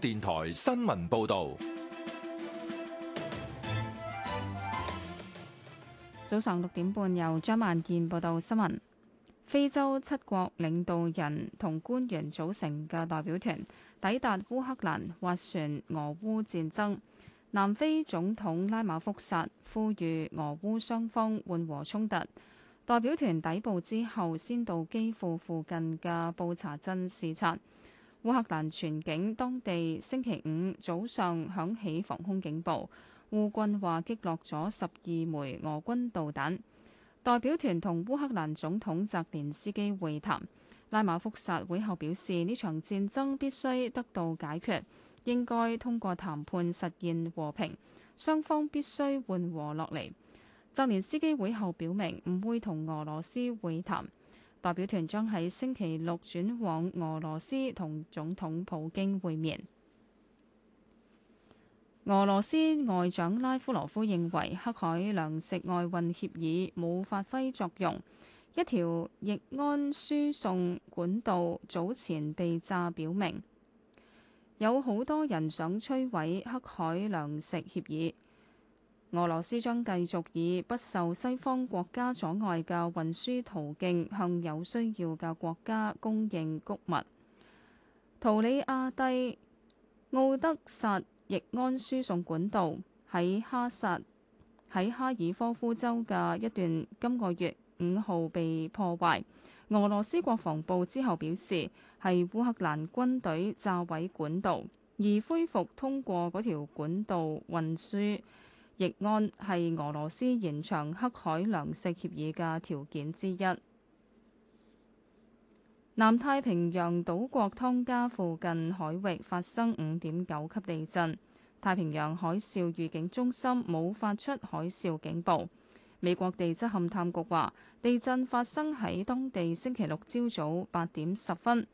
電台新聞報道：早上六點半，由張萬健報道新聞。非洲七國領導人同官員組成嘅代表團抵達烏克蘭，斡旋俄烏戰爭。南非總統拉馬福薩呼籲俄烏雙方緩和衝突。代表團抵埗之後，先到基輔附附近嘅布查鎮視察。烏克蘭全境，當地星期五早上響起防空警報。烏軍話擊落咗十二枚俄軍導彈。代表團同烏克蘭總統澤連斯基會談。拉馬福薩會後表示，呢場戰爭必須得到解決，應該通過談判實現和平，雙方必須緩和落嚟。澤連斯基會後表明唔會同俄羅斯會談。代表團將喺星期六轉往俄羅斯同總統普京會面。俄羅斯外長拉夫羅夫認為黑海糧食外運協議冇發揮作用，一條液氨輸送管道早前被炸，表明有好多人想摧毀黑海糧食協議。俄羅斯將繼續以不受西方國家阻礙嘅運輸途徑，向有需要嘅國家供應穀物。圖里亞蒂奧德薩液氨輸送管道喺哈薩喺哈爾科夫州嘅一段，今個月五號被破壞。俄羅斯國防部之後表示係烏克蘭軍隊炸毀管道，而恢復通過嗰條管道運輸。疫案係俄羅斯延長黑海糧食協議嘅條件之一。南太平洋島國湯加附近海域發生五點九級地震，太平洋海嘯預警中心冇發出海嘯警報。美國地質勘探局話，地震發生喺當地星期六朝早八點十分，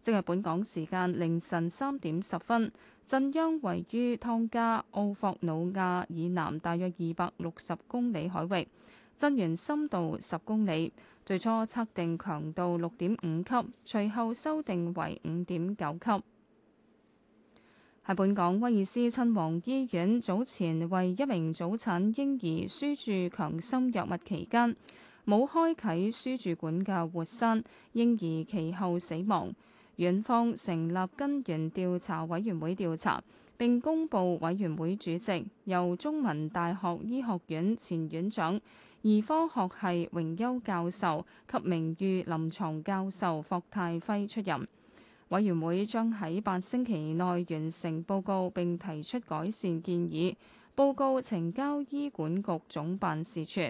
即係本港時間凌晨三點十分，震央位於湯加奧霍努亞以南大約二百六十公里海域，震源深度十公里。最初測定強度六點五級，隨後修訂為五點九級。喺本港威爾斯親王醫院，早前為一名早產嬰兒輸注強心藥物期間，冇開啓輸注管嘅活塞，嬰兒其後死亡。院方成立根源調查委員會調查，並公布委員會主席由中文大學醫學院前院長兒科學系榮休教授及名譽臨牀教授霍泰輝出任。委員會將喺八星期內完成報告並提出改善建議，報告呈交醫管局總辦事處。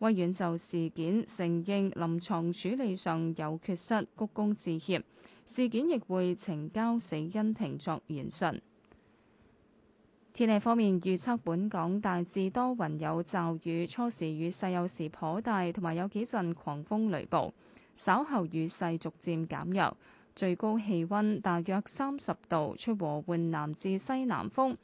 威院就事件承認臨床處理上有缺失，鞠躬致歉。事件亦會呈交死因庭作研訊。天氣方面預測，預測本港大致多雲有驟雨，初時雨勢有時頗大，同埋有幾陣狂風雷暴。稍後雨勢逐漸減弱，最高氣温大約三十度，吹和緩南至西南風，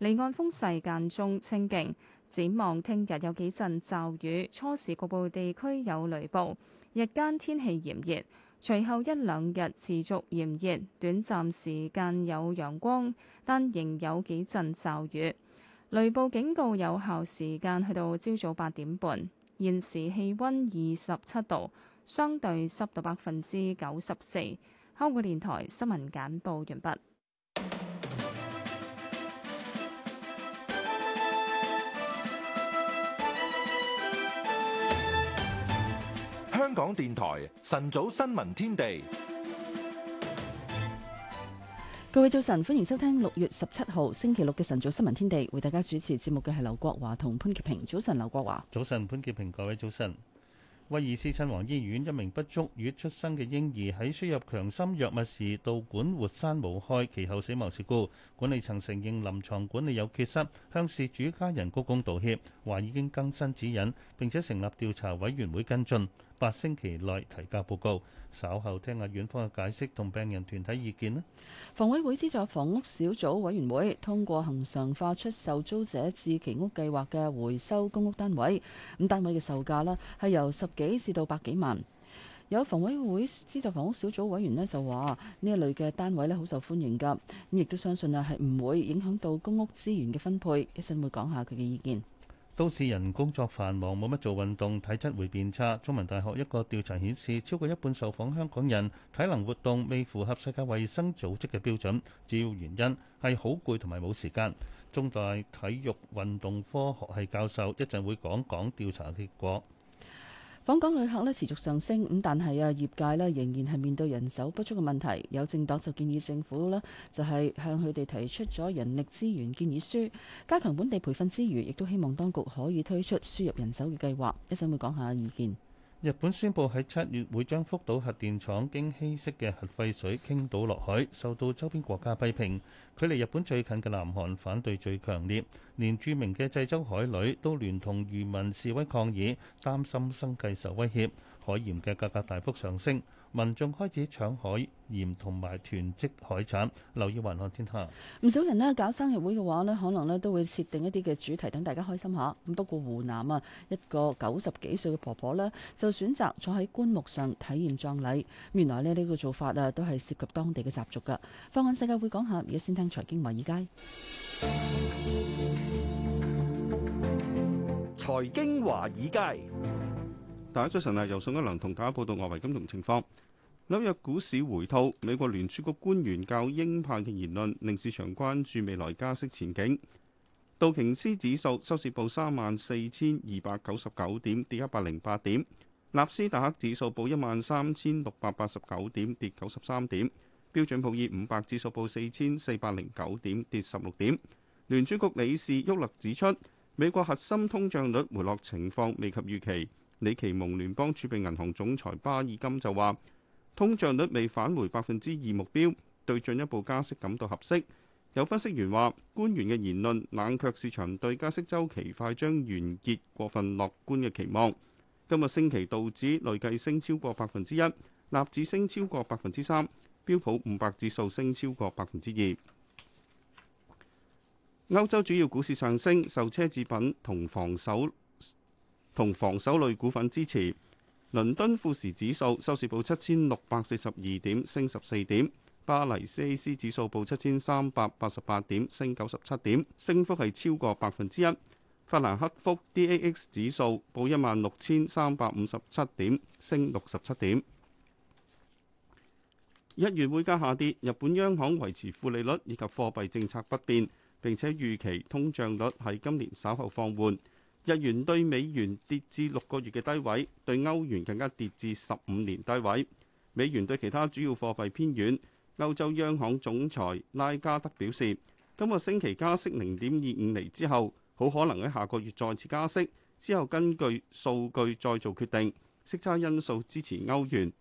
離岸風勢間中清勁。展望聽日有幾陣驟雨，初時局部地區有雷暴，日間天氣炎熱，隨後一兩日持續炎熱，短暫時間有陽光，但仍有幾陣驟雨。雷暴警告有效時間去到朝早八點半。現時氣温二十七度，相對濕度百分之九十四。香港電台新聞簡報完畢。香港電台晨早新聞天地，各位早晨，歡迎收聽六月十七號星期六嘅晨早新聞天地。為大家主持節目嘅係劉國華同潘潔平。早晨，劉國華。早晨，潘潔平。各位早晨。威爾斯親王醫院一名不足月出生嘅嬰兒喺輸入強心藥物時導管活塞無開，其後死亡事故。管理層承認臨床管理有缺失，向事主家人鞠躬道歉，話已經更新指引，並且成立調查委員會跟進。八星期內提交報告，稍後聽下院方嘅解釋同病人團體意見啦。房委會資助房屋小組委員會通過恆常化出售租者置其屋計劃嘅回收公屋單位，咁單位嘅售價啦係由十幾至到百幾萬。有房委會資助房屋小組委員咧就話呢一類嘅單位咧好受歡迎噶，咁亦都相信啊係唔會影響到公屋資源嘅分配。一陣會講下佢嘅意見。都市人工作繁忙，冇乜做運動，體質會變差。中文大學一個調查顯示，超過一半受訪香港人體能活動未符合世界衛生組織嘅標準，主要原因係好攰同埋冇時間，中大體育運動科學系教授一陣會講講調查結果。訪港旅客咧，持續上升，咁但係啊，業界呢仍然係面對人手不足嘅問題。有政黨就建議政府咧，就係向佢哋提出咗人力資源建議書，加強本地培訓之餘，亦都希望當局可以推出輸入人手嘅計劃。講一陣會講下意見。日本宣布喺七月會將福島核電廠經稀釋嘅核廢水傾倒落海，受到周邊國家批評，距離日本最近嘅南韓反對最強烈，連著名嘅濟州海女都聯同漁民示威抗議，擔心生計受威脅，海鹽嘅價格大幅上升。民眾開始搶海鹽同埋囤積海產，留意雲海天下。唔少人咧搞生日會嘅話咧，可能咧都會設定一啲嘅主題，等大家開心下。咁不過湖南啊，一個九十幾歲嘅婆婆咧，就選擇坐喺棺木上體驗葬禮。原來咧呢個做法啊，都係涉及當地嘅習俗㗎。放眼世界會講下，而家先聽財經華爾街。財經華爾街。大家早晨啊！由宋一良同大家報道外圍金融情況。紐約股市回吐，美國聯儲局官員較鷹派嘅言論，令市場關注未來加息前景。道瓊斯指數收市報三萬四千二百九十九點，跌一百零八點；納斯達克指數報一萬三千六百八十九點，跌九十三點；標準普爾五百指數報四千四百零九點，跌十六點。聯儲局理事沃勒指出，美國核心通脹率回落情況未及預期。李奇蒙聯邦儲備銀行總裁巴爾金就話：通脹率未返回百分之二，目標，對進一步加息感到合適。有分析員話：官員嘅言論冷卻市場對加息週期快將完結過分樂觀嘅期望。今個星期道指累計升超過百分之一，納指升超過百分之三，標普五百指數升超過百分之二。歐洲主要股市上升，受奢侈品同防守。同防守類股份支持。倫敦富時指數收市報七千六百四十二點，升十四點；巴黎 CAC 指數報七千三百八十八點，升九十七點，升幅係超過百分之一。法蘭克福 DAX 指數報一萬六千三百五十七點，升六十七點。一月匯價下跌。日本央行維持負利率以及貨幣政策不變，並且預期通脹率喺今年稍後放緩。日元對美元跌至六個月嘅低位，對歐元更加跌至十五年低位。美元對其他主要貨幣偏軟。歐洲央行總裁拉加德表示，今個星期加息零點二五厘之後，好可能喺下個月再次加息，之後根據數據再做決定。息差因素支持歐元。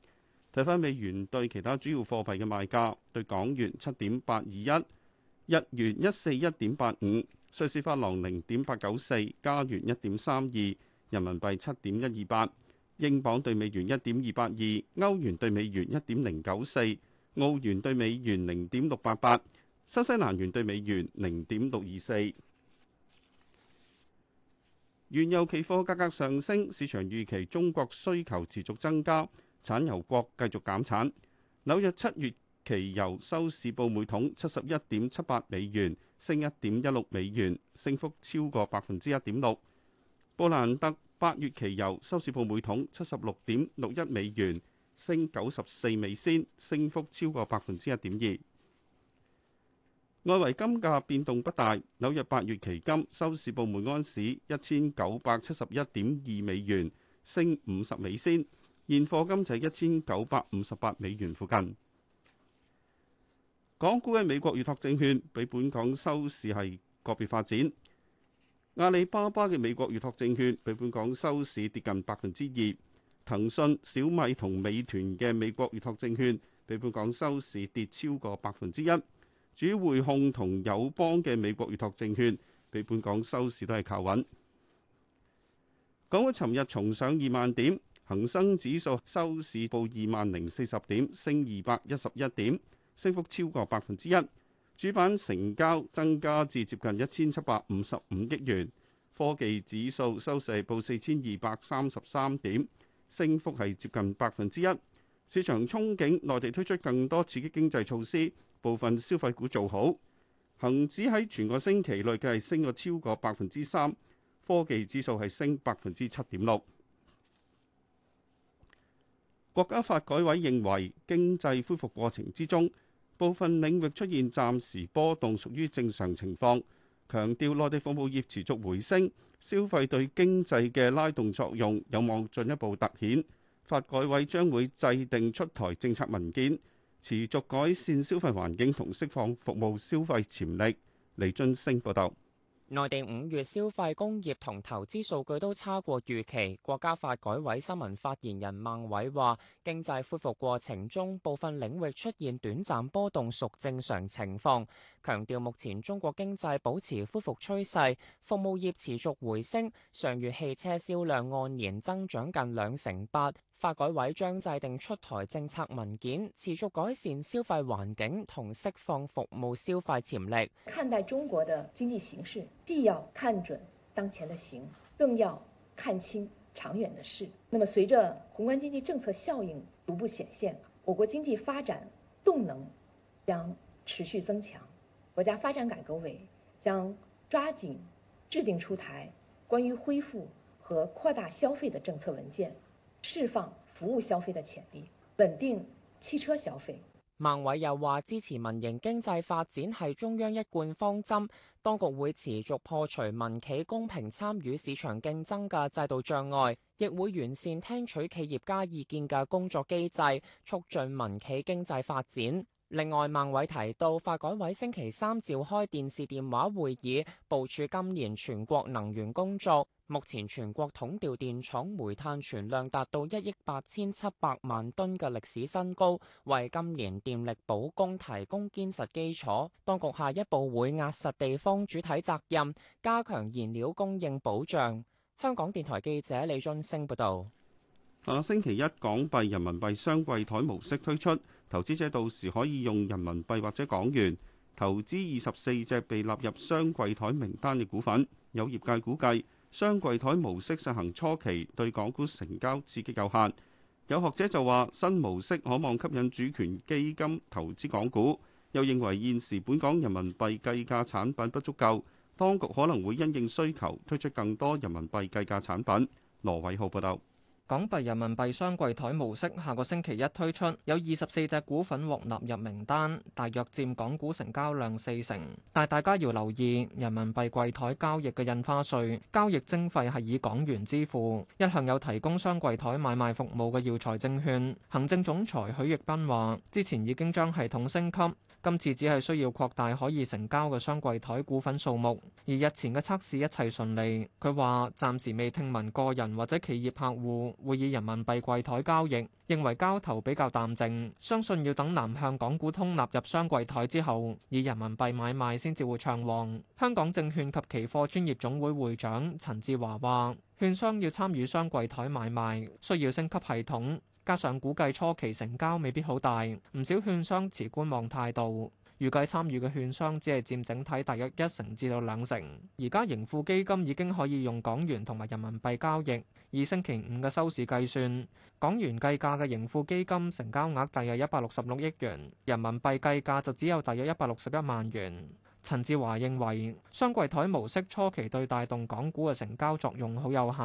睇翻美元對其他主要貨幣嘅賣價，對港元七點八二一，日元一四一點八五。瑞士法郎零點八九四，加元一點三二，人民幣七點一二八，英鎊對美元一點二八二，歐元對美元一點零九四，澳元對美元零點六八八，新西蘭元對美元零點六二四。原油期貨價格上升，市場預期中國需求持續增加，產油國繼續減產。紐約七月期油收市報每桶七十一點七八美元。1> 升一點一六美元，升幅超過百分之一點六。布蘭特八月期油收市報每桶七十六點六一美元，升九十四美仙，升幅超過百分之一點二。外圍金價變動不大，紐約八月期金收市報每安士一千九百七十一點二美元，升五十美仙，現貨金就一千九百五十八美元附近。港股嘅美國預託證券，比本港收市係個別發展。阿里巴巴嘅美國預託證券比本港收市跌近百分之二，騰訊、小米同美團嘅美國預託證券比本港收市跌超過百分之一。主匯控同友邦嘅美國預託證券比本港收市都係靠穩。港股尋日重上二萬點，恒生指數收市報二萬零四十點，升二百一十一點，升幅超過百分之一，主板成交增加至接近一千七百五十五億元。科技指數收市報四千二百三十三點，升幅係接近百分之一。市場憧憬內地推出更多刺激經濟措施，部分消費股做好。恒指喺全個星期內計升咗超過百分之三，科技指數係升百分之七點六。國家發改委認為經濟恢復過程之中，部分領域出現暫時波動，屬於正常情況。強調內地服務業持續回升，消費對經濟嘅拉動作用有望進一步凸顯。發改委將會制定出台政策文件，持續改善消費環境同釋放服務消費潛力。李俊升報導。內地五月消費、工業同投資數據都差過預期。國家發改委新聞發言人孟偉話，經濟恢復過程中，部分領域出現短暫波動，屬正常情況。強調目前中國經濟保持恢復趨勢，服務業持續回升。上月汽車銷量按年增長近兩成八。發改委將制定出台政策文件，持續改善消費環境同釋放服務消費潛力。看待中國的經濟形勢，既要看準當前的形，更要看清長遠的事。那麼隨着宏觀經濟政策效應逐步顯現，我國經濟發展動能將持續增強。國家發展改革委將抓緊制定出台關於恢復和擴大消費的政策文件。釋放服務消費的潛力，穩定汽車消費。孟偉又話：支持民營經濟發展係中央一貫方針，當局會持續破除民企公平參與市場競爭嘅制度障礙，亦會完善聽取企業家意見嘅工作機制，促進民企經濟發展。另外，孟偉提到，發改委星期三召開電視電話會議，部署今年全國能源工作。目前全國統調電廠煤炭存量達到一億八千七百萬噸嘅歷史新高，為今年電力保供提供堅實基礎。當局下一步會壓實地方主體責任，加強燃料供應保障。香港電台記者李俊升報導。下星期一港幣、人民幣雙櫃台模式推出。投資者到時可以用人民幣或者港元投資二十四隻被納入雙櫃台名單嘅股份。有業界估計，雙櫃台模式實行初期對港股成交刺激有限。有學者就話，新模式可望吸引主權基金投資港股，又認為現時本港人民幣計價產品不足夠，當局可能會因應需求推出更多人民幣計價產品。羅偉浩報道。港幣人民幣雙櫃台模式下個星期一推出，有二十四隻股份獲納入名單，大約佔港股成交量四成。但大家要留意，人民幣櫃台交易嘅印花稅交易徵費係以港元支付。一向有提供雙櫃台買賣服務嘅耀才證券行政總裁許奕斌話，之前已經將系統升級。今次只係需要擴大可以成交嘅雙櫃台股份數目，而日前嘅測試一切順利。佢話暫時未聽聞個人或者企業客戶會以人民幣櫃台交易，認為交投比較淡靜，相信要等南向港股通納入雙櫃台之後，以人民幣買賣先至會暢旺。香港證券及期貨專業總會會長陳志華話，券商要參與雙櫃台買賣，需要升級系統。加上估計初期成交未必好大，唔少券商持觀望態度。預計參與嘅券商只係佔整體大約一成至到兩成。而家盈富基金已經可以用港元同埋人民幣交易。以星期五嘅收市計算，港元計價嘅盈富基金成交額大約一百六十六億元，人民幣計價就只有大約一百六十一萬元。陳志華認為雙櫃台模式初期對帶動港股嘅成交作用好有限。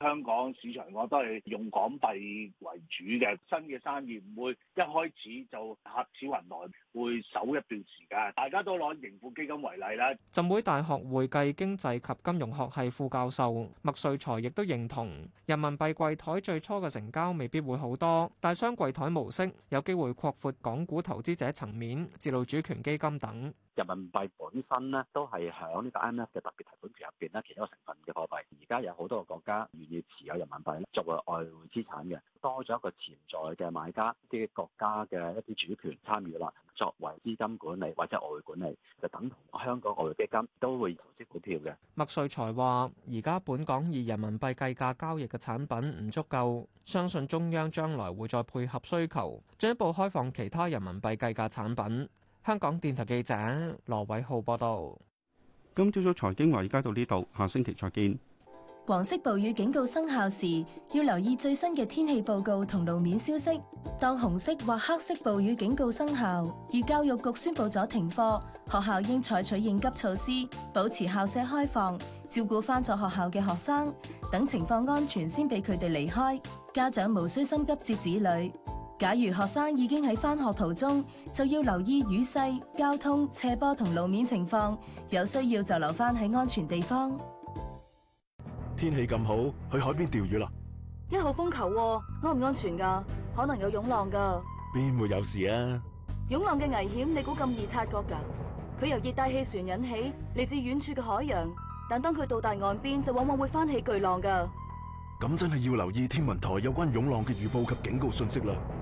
香港市場我都係用港幣為主嘅新嘅生意，唔會一開始就霞起雲來，會守一段時間。大家都攞盈富基金為例啦。浸會大學會計經濟及金融學系副教授麥瑞才亦都認同，人民幣櫃台最初嘅成交未必會好多。但雙櫃台模式有機會擴闊港股投資者層面，自到主權基金等。人民幣本身咧都係喺呢個 IMF 嘅特別提款權入邊咧，其中一個成分嘅貨幣。而家有好多個國家願意持有人民幣作為外匯資產嘅，多咗一個潛在嘅買家，啲國家嘅一啲主權參與啦，作為資金管理或者外匯管理，就等同香港外匯基金都會投資股票嘅。麥瑞才話：而家本港以人民幣計價交易嘅產品唔足夠，相信中央將來會再配合需求，進一步開放其他人民幣計價產品。香港電台記者羅偉浩報道。今朝早財經華爾街到呢度，下星期再見。黃色暴雨警告生效時，要留意最新嘅天氣報告同路面消息。當紅色或黑色暴雨警告生效，而教育局宣布咗停課，學校應採取應急措施，保持校舍開放，照顧翻咗學校嘅學生，等情況安全先俾佢哋離開。家長無需心急接子女。假如學生已經喺翻學途中，就要留意雨勢、交通、斜坡同路面情況，有需要就留翻喺安全地方。天氣咁好，去海邊釣魚啦！一號風球啊，安唔安全噶啊？可能有湧浪噶。邊會有事啊？湧浪嘅危險你估咁易察覺噶？佢由熱帶氣旋引起，嚟自遠處嘅海洋，但當佢到達岸邊，就往往會翻起巨浪噶。咁真係要留意天文台有關湧浪嘅預報及警告信息啦。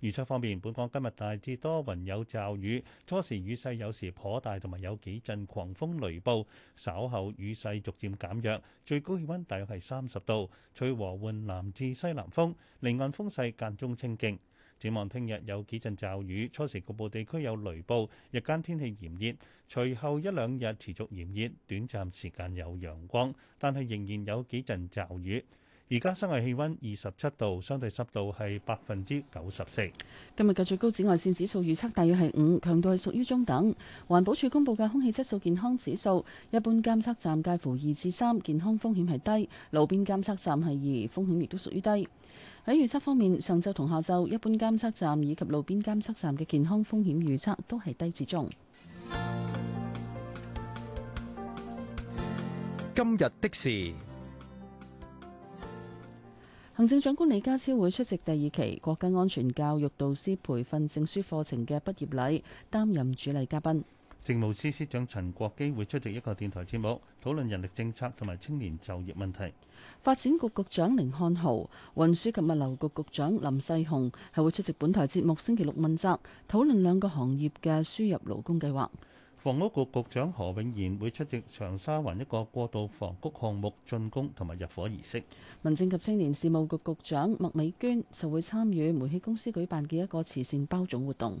預測方面，本港今日大致多雲有驟雨，初時雨勢有時頗大，同埋有幾陣狂風雷暴，稍後雨勢逐漸減弱，最高氣温大約係三十度，吹和緩南至西南風，離岸風勢間中清勁。展望聽日有幾陣驟雨，初時局部地區有雷暴，日間天氣炎熱，隨後一兩日持續炎熱，短暫時間有陽光，但係仍然有幾陣驟雨。而家室外氣温二十七度，相對濕度係百分之九十四。今日嘅最高紫外線指數預測大約係五，強度係屬於中等。環保署公布嘅空氣質素健康指數，一般監測站介乎二至三，健康風險係低；路邊監測站係二，風險亦都屬於低。喺預測方面，上晝同下晝一般監測站以及路邊監測站嘅健康風險預測都係低至中。今日的事。行政長官李家超會出席第二期國家安全教育導師培訓證書課程嘅畢業禮，擔任主禮嘉賓。政務司司長陳國基會出席一個電台節目，討論人力政策同埋青年就業問題。發展局局長甯漢豪、運輸及物流局局長林世雄係會出席本台節目星期六問責，討論兩個行業嘅輸入勞工計劃。房屋局局長何永賢會出席長沙灣一個過渡房屋項目竣工同埋入伙儀式。民政及青年事務局局長麥美娟就會參與煤氣公司舉辦嘅一個慈善包糭活動。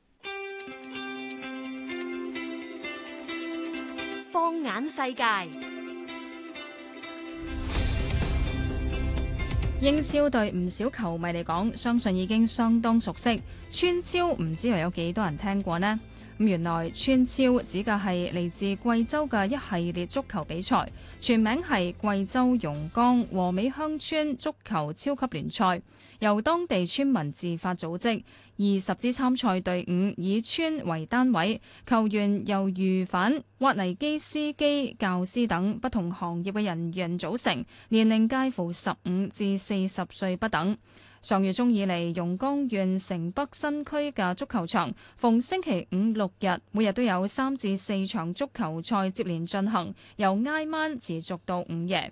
眼世界英超對唔少球迷嚟講，相信已經相當熟悉。川超唔知又有幾多人聽過呢？咁原來川超指嘅係嚟自貴州嘅一系列足球比賽，全名係貴州榕江和美鄉村足球超級聯賽。由當地村民自發組織二十支參賽隊伍，以村為單位，球員由魚販、挖泥機司機、教師等不同行業嘅人員組成，年齡介乎十五至四十歲不等。上月中以嚟，榕江縣城北新區嘅足球場，逢星期五六日，每日都有三至四場足球賽接連進行，由挨晚持續到午夜。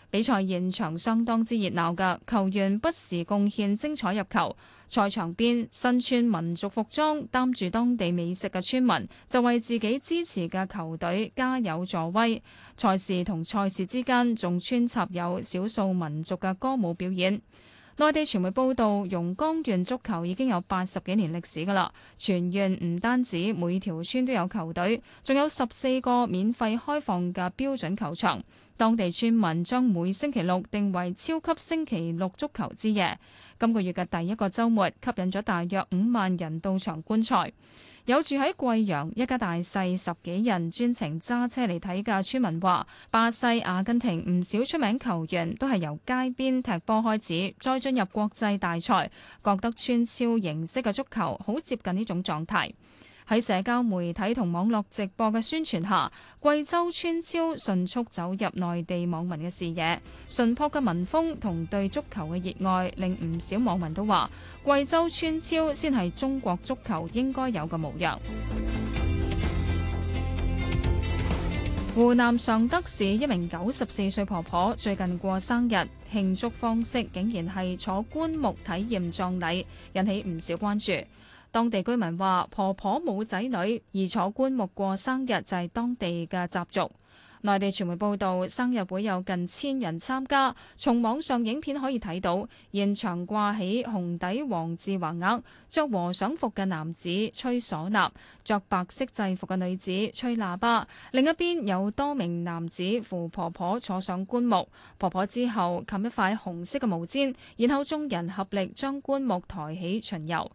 比賽現場相當之熱鬧㗎，球員不時貢獻精彩入球，賽場邊身穿民族服裝、擔住當地美食嘅村民，就為自己支持嘅球隊加油助威。賽事同賽事之間，仲穿插有少數民族嘅歌舞表演。內地傳媒報道，榕江縣足球已經有八十幾年歷史㗎啦。全縣唔單止每條村都有球隊，仲有十四個免費開放嘅標準球場。當地村民將每星期六定為超級星期六足球之夜。今個月嘅第一個週末，吸引咗大約五萬人到場觀賽。有住喺貴陽一家大細十幾人專程揸車嚟睇嘅村民話，巴西、阿根廷唔少出名球員都係由街邊踢波開始，再進入國際大賽，覺得村超形式嘅足球好接近呢種狀態。喺社交媒體同網絡直播嘅宣傳下，貴州村超迅速走入內地網民嘅視野。淳樸嘅民風同對足球嘅熱愛，令唔少網民都話貴州村超先係中國足球應該有嘅模樣。 湖南常德市一名九十四歲婆婆最近過生日，慶祝方式竟然係坐棺木體驗葬禮，引起唔少關注。當地居民話：婆婆冇仔女，而坐棺木過生日就係當地嘅習俗。內地傳媒報道，生日會有近千人參加。從網上影片可以睇到，現場掛起紅底黃字橫額，着和尚服嘅男子吹嗩吶，着白色制服嘅女子吹喇叭。另一邊有多名男子扶婆婆坐上棺木，婆婆之後冚一塊紅色嘅毛氈，然後眾人合力將棺木抬起巡遊。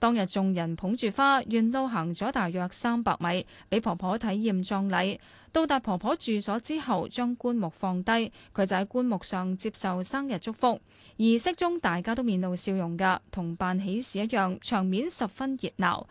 當日眾人捧住花，沿路行咗大約三百米，俾婆婆體驗葬禮。到達婆婆住所之後，將棺木放低，佢就喺棺木上接受生日祝福。儀式中大家都面露笑容㗎，同辦喜事一樣，場面十分熱鬧。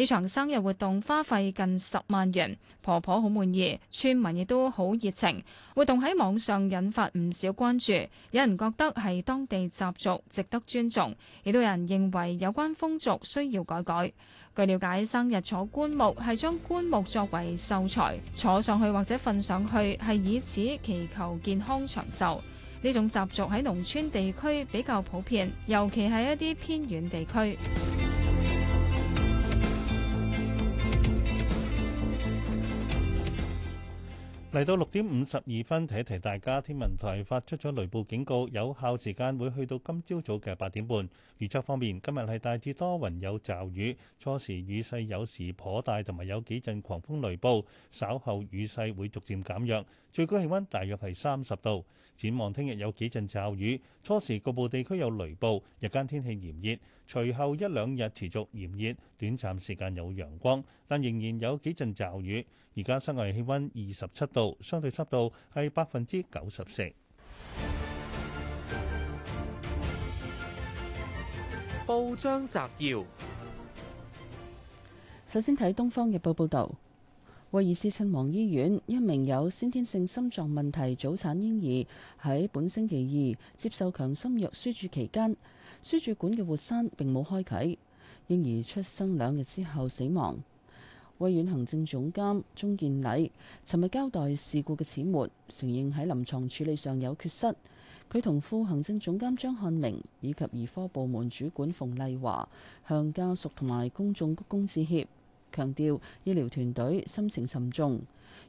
呢場生日活動花費近十萬元，婆婆好滿意，村民亦都好熱情。活動喺網上引發唔少關注，有人覺得係當地習俗，值得尊重；亦都有人認為有關風俗需要改改。據了解，生日坐棺木係將棺木作為壽材，坐上去或者瞓上去，係以此祈求健康長壽。呢種習俗喺農村地區比較普遍，尤其係一啲偏遠地區。嚟到六點五十二分，提一提大家，天文台發出咗雷暴警告，有效時間會去到今朝早嘅八點半。預測方面，今日係大致多雲有驟雨，初時雨勢有時頗大，同埋有幾陣狂風雷暴，稍後雨勢會逐漸減弱。最高氣温大約係三十度。展望聽日有幾陣驟雨，初時局部地區有雷暴，日間天氣炎熱。隨後一兩日持續炎熱，短暫時間有陽光，但仍然有幾陣驟雨。而家室外氣温二十七度，相對濕度係百分之九十四。報章摘要：首先睇《東方日報》報道，威爾斯親王醫院一名有先天性心臟問題早產嬰兒喺本星期二接受強心藥輸注期間。輸注管嘅活塞並冇開啓，嬰兒出生兩日之後死亡。威院行政總監鍾建禮尋日交代事故嘅始末，承認喺臨床處理上有缺失。佢同副行政總監張漢明以及兒科部門主管馮麗華向家屬同埋公眾鞠躬致歉，強調醫療團隊心情沉重，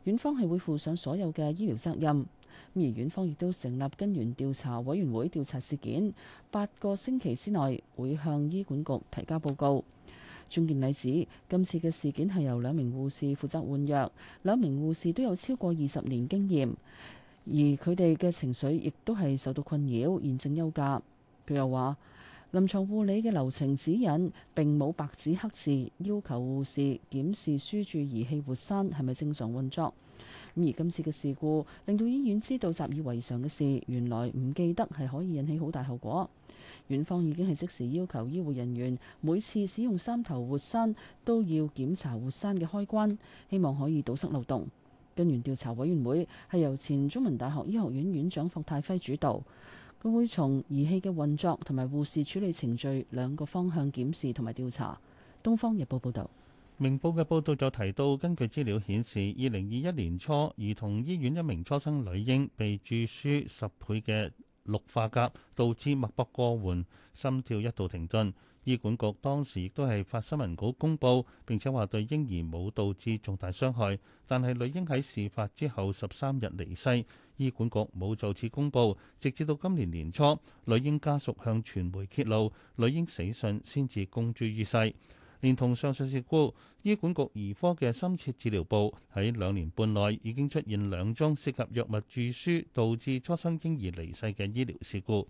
院方係會負上所有嘅醫療責任。而院方亦都成立根源調查委員會調查事件，八個星期之內會向醫管局提交報告。鍾健禮指今次嘅事件係由兩名護士負責換藥，兩名護士都有超過二十年經驗，而佢哋嘅情緒亦都係受到困擾，現正休假。佢又話臨床護理嘅流程指引並冇白紙黑字要求護士檢視輸注儀器活塞係咪正常運作。咁而今次嘅事故令到醫院知道習以為常嘅事，原來唔記得係可以引起好大後果。院方已經係即時要求醫護人員每次使用三頭活栓都要檢查活栓嘅開關，希望可以堵塞漏洞。根源調查委員會係由前中文大學醫學院院長霍泰輝主導，佢會從儀器嘅運作同埋護士處理程序兩個方向檢視同埋調查。《東方日報》報道。明報嘅報道就提到，根據資料顯示，二零二一年初，兒童醫院一名初生女嬰被注輸十倍嘅氯化鉀，導致脈搏過緩、心跳一度停頓。醫管局當時亦都係發新聞稿公佈，並且話對嬰兒冇導致重大傷害。但係女嬰喺事發之後十三日離世，醫管局冇就此公佈，直至到今年年初，女嬰家屬向傳媒揭露女嬰死訊，先至公諸於世。連同上述事故，醫管局兒科嘅深切治療部喺兩年半內已經出現兩宗涉及藥物注輸導致初生嬰兒離世嘅醫療事故。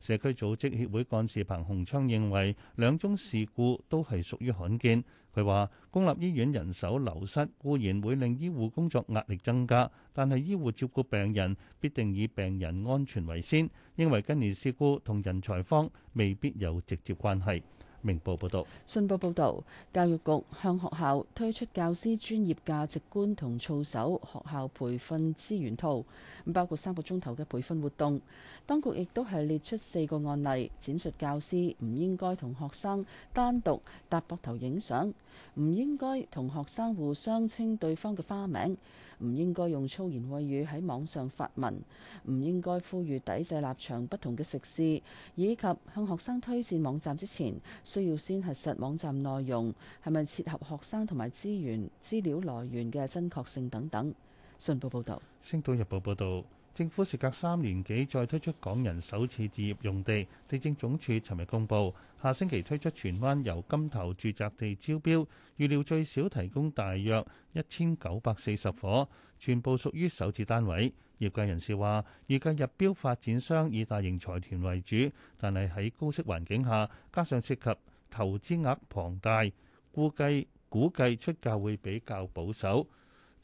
社區組織協會幹事彭洪昌，認為兩宗事故都係屬於罕見。佢話公立醫院人手流失固然會令醫護工作壓力增加，但係醫護照顧病人必定以病人安全為先，認為今年事故同人才荒未必有直接關係。明報報道：信報報道，教育局向學校推出教師專業價值觀同操守學校培訓資源套，包括三個鐘頭嘅培訓活動。當局亦都係列出四個案例，展述教師唔應該同學生單獨搭膊頭影相，唔應該同學生互相稱對方嘅花名。唔應該用粗言穢語喺網上發文，唔應該呼籲抵制立場不同嘅食肆，以及向學生推薦網站之前，需要先核實網站內容係咪切合學生同埋資源資料來源嘅真確性等等。信報報道。《星島日報》報導。政府時隔三年幾再推出港人首次置業用地，地政總署尋日公布，下星期推出荃灣油柑頭住宅地招標，預料最少提供大約一千九百四十伙，全部屬於首次單位。業界人士話，預計入標發展商以大型財團為主，但係喺高息環境下，加上涉及投資額龐大，估計估計出價會比較保守。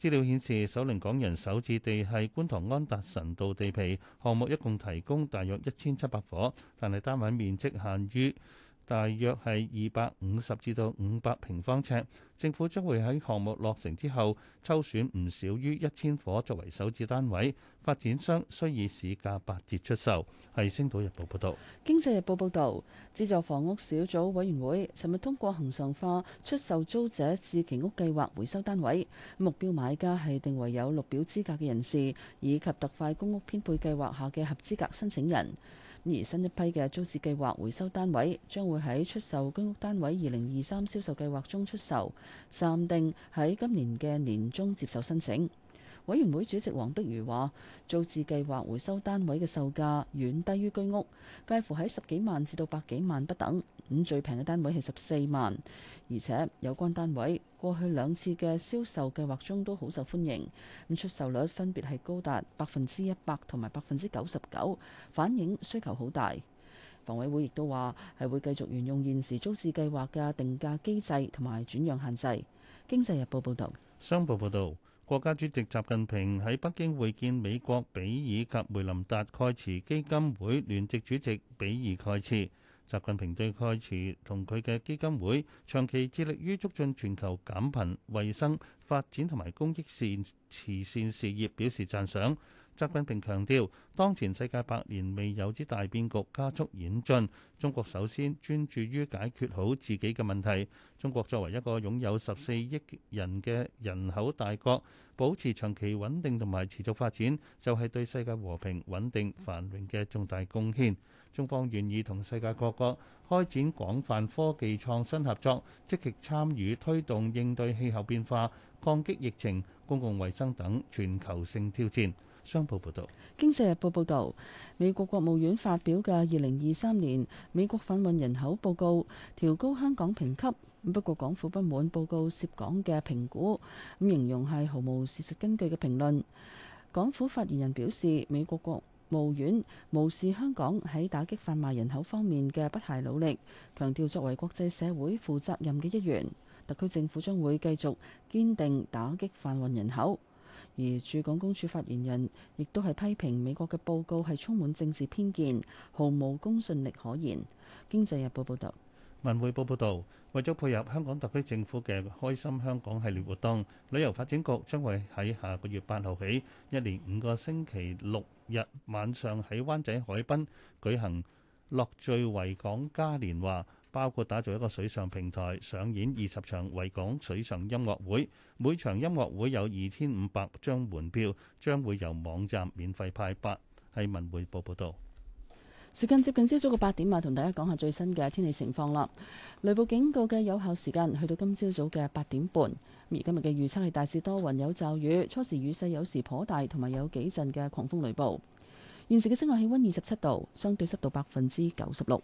資料顯示，首輪港人首置地係觀塘安達臣道地皮，項目一共提供大約一千七百伙，但係單位面積限於。大約係二百五十至到五百平方尺，政府將會喺項目落成之後抽選唔少於一千伙作為首置單位，發展商需以市價八折出售。係《星島日報》報導，《經濟日報》報導，資助房屋小組委員會尋日通過恆常化出售租者置其屋計劃回收單位，目標買家係定為有綠表資格嘅人士以及特快公屋編配計劃下嘅合資格申請人。而新一批嘅租置計劃回收單位將會喺出售居屋單位二零二三銷售計劃中出售，暫定喺今年嘅年中接受申請。委員會主席黃碧如話：租置計劃回收單位嘅售價遠低於居屋，介乎喺十幾萬至到百幾萬不等。咁最平嘅單位係十四萬，而且有關單位過去兩次嘅銷售計劃中都好受歡迎。咁出售率分別係高達百分之一百同埋百分之九十九，反映需求好大。房委會亦都話係會繼續沿用現時租置計劃嘅定價機制同埋轉讓限制。經濟日報報道，商報報道，國家主席習近平喺北京會見美國比爾及梅琳達蓋茨基金會聯席主席比爾蓋茨。習近平對蓋茨同佢嘅基金會長期致力於促進全球減貧、衞生、發展同埋公益善慈善事業表示讚賞。習近平強調，當前世界百年未有之大變局加速演進，中國首先專注於解決好自己嘅問題。中國作為一個擁有十四億人嘅人口大國，保持長期穩定同埋持續發展，就係、是、對世界和平、穩定、繁榮嘅重大貢獻。中方願意同世界各國開展廣泛科技創新合作，積極參與推動應對氣候變化、抗擊疫情、公共衛生等全球性挑戰。商報報導，《經濟日報》報導，美國國務院發表嘅《2023年美國販運人口報告》，調高香港評級。不過，港府不滿報告涉港嘅評估，咁形容係毫無事實根據嘅評論。港府發言人表示，美國國無怨無視香港喺打擊販賣人口方面嘅不懈努力，強調作為國際社會負責任嘅一員，特區政府將會繼續堅定打擊販運人口。而駐港公署發言人亦都係批評美國嘅報告係充滿政治偏見，毫無公信力可言。經濟日報報導。文匯報報道，為咗配合香港特區政府嘅開心香港系列活動，旅遊發展局將會喺下個月八號起一連五個星期六日晚上喺灣仔海濱舉行樂聚維港嘉年華，包括打造一個水上平台，上演二十場維港水上音樂會，每場音樂會有二千五百張門票，將會由網站免費派發。係文匯報報道。時間接近朝早嘅八點啊，同大家講下最新嘅天氣情況啦。雷暴警告嘅有效時間去到今朝早嘅八點半。而今日嘅預測係大致多雲有驟雨，初時雨勢有時頗大，同埋有幾陣嘅狂風雷暴。現時嘅室外氣溫二十七度，相對濕度百分之九十六。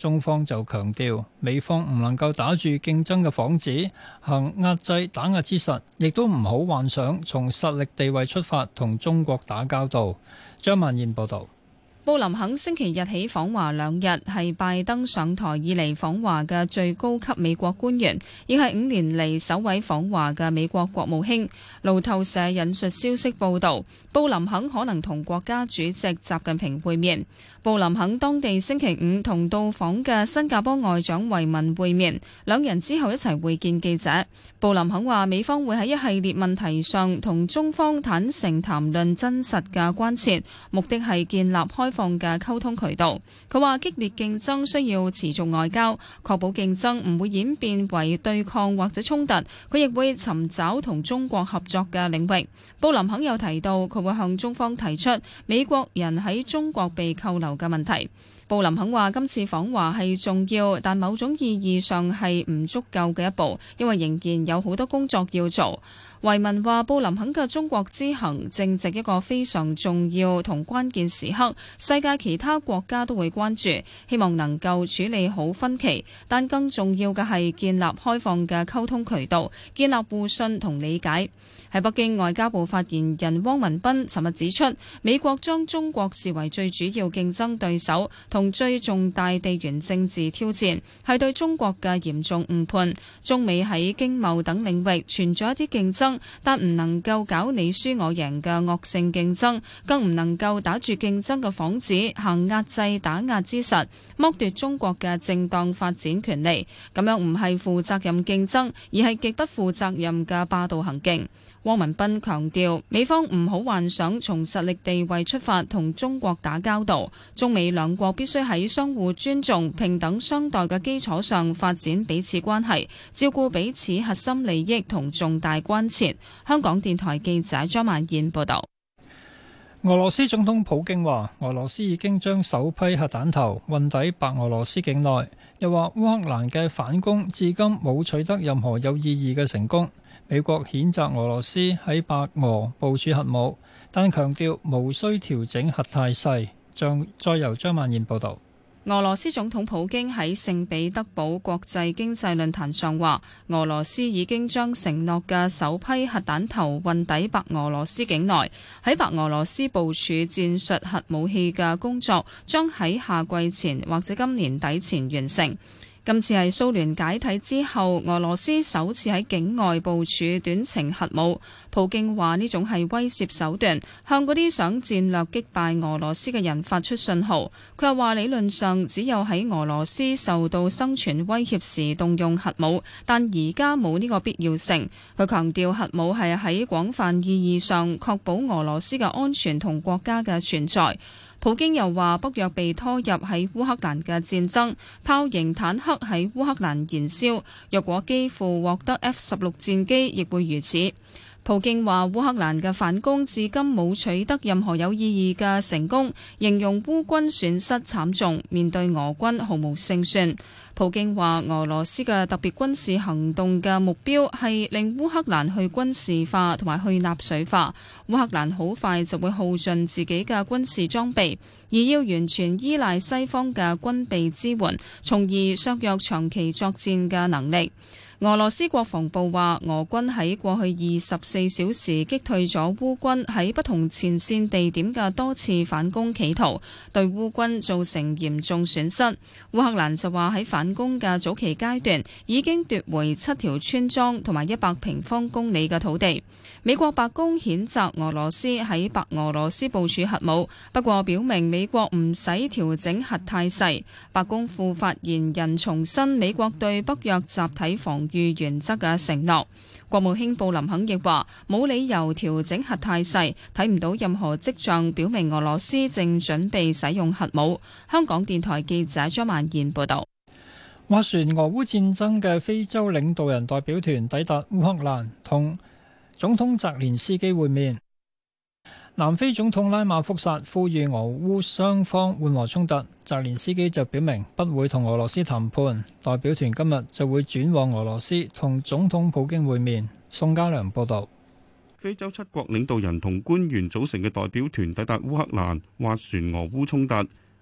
中方就強調，美方唔能夠打住競爭嘅幌子，行壓制打壓之實，亦都唔好幻想從實力地位出發同中國打交道。張曼燕報導。布林肯星期日起訪華兩日，係拜登上台以嚟訪華嘅最高級美國官員，亦係五年嚟首位訪華嘅美國國務卿。路透社引述消息報道，布林肯可能同國家主席習近平會面。布林肯當地星期五同到訪嘅新加坡外長維文會面，兩人之後一齊會見記者。布林肯話，美方會喺一系列問題上同中方坦誠談論真實嘅關切，目的係建立開。放嘅溝通渠道，佢話激烈競爭需要持續外交，確保競爭唔會演變為對抗或者衝突。佢亦會尋找同中國合作嘅領域。布林肯又提到佢會向中方提出美國人喺中國被扣留嘅問題。布林肯話今次訪華係重要，但某種意義上係唔足夠嘅一步，因為仍然有好多工作要做。維民話：布林肯嘅中國之行正值一個非常重要同關鍵時刻，世界其他國家都會關注，希望能夠處理好分歧，但更重要嘅係建立開放嘅溝通渠道，建立互信同理解。喺北京，外交部發言人汪文斌尋日指出，美國將中國視為最主要競爭對手同最重大地緣政治挑戰，係對中國嘅嚴重誤判。中美喺經貿等領域存在一啲競爭。但唔能夠搞你輸我贏嘅惡性競爭，更唔能夠打住競爭嘅幌子，行壓制打壓之實，剝奪中國嘅正當發展權利。咁樣唔係負責任競爭，而係極不負責任嘅霸道行徑。汪文斌強調，美方唔好幻想從實力地位出發同中國打交道，中美兩國必須喺相互尊重、平等相待嘅基礎上發展彼此關係，照顧彼此核心利益同重大關切。香港電台記者張曼燕報道。俄羅斯總統普京話：俄羅斯已經將首批核彈頭運抵白俄羅斯境內，又話烏克蘭嘅反攻至今冇取得任何有意義嘅成功。美國譴責俄羅斯喺白俄部署核武，但強調無需調整核態勢。將再由張曼燕報導。俄羅斯總統普京喺聖彼得堡國際經濟論壇上話：俄羅斯已經將承諾嘅首批核彈頭運抵白俄羅斯境內，喺白俄羅斯部署戰術核武器嘅工作將喺夏季前或者今年底前完成。今次係蘇聯解體之後，俄羅斯首次喺境外部署短程核武。普京話呢種係威懾手段，向嗰啲想戰略擊敗俄羅斯嘅人發出信號。佢又話理論上只有喺俄羅斯受到生存威脅時動用核武，但而家冇呢個必要性。佢強調核武係喺廣泛意義上確保俄羅斯嘅安全同國家嘅存在。普京又話：北約被拖入喺烏克蘭嘅戰爭，豹型坦克喺烏克蘭燃燒。若果基輔獲得 F 十六戰機，亦會如此。普京話：烏克蘭嘅反攻至今冇取得任何有意義嘅成功，形容烏軍損失慘重，面對俄軍毫無勝算。普京話：俄羅斯嘅特別軍事行動嘅目標係令烏克蘭去軍事化同埋去納粹化，烏克蘭好快就會耗盡自己嘅軍事裝備，而要完全依賴西方嘅軍備支援，從而削弱長期作戰嘅能力。俄羅斯國防部話，俄軍喺過去二十四小時擊退咗烏軍喺不同前線地點嘅多次反攻企圖，對烏軍造成嚴重損失。烏克蘭就話喺反攻嘅早期階段已經奪回七條村莊同埋一百平方公里嘅土地。美國白宮譴責俄羅斯喺白俄羅斯部署核武，不過表明美國唔使調整核態勢。白宮副發言人重申美國對北約集體防與原則嘅承諾。國務卿布林肯亦話，冇理由調整核態勢，睇唔到任何跡象表明俄羅斯正準備使用核武。香港電台記者張曼燕報道。話傳俄烏戰爭嘅非洲領導人代表團抵達烏克蘭，同總統澤連斯基會面。南非總統拉馬福薩呼籲俄烏雙方緩和衝突，澤連斯基就表明不會同俄羅斯談判。代表團今日就會轉往俄羅斯同總統普京會面。宋家良報導。非洲七國領導人同官員組成嘅代表團抵達烏克蘭，斡旋俄烏衝突。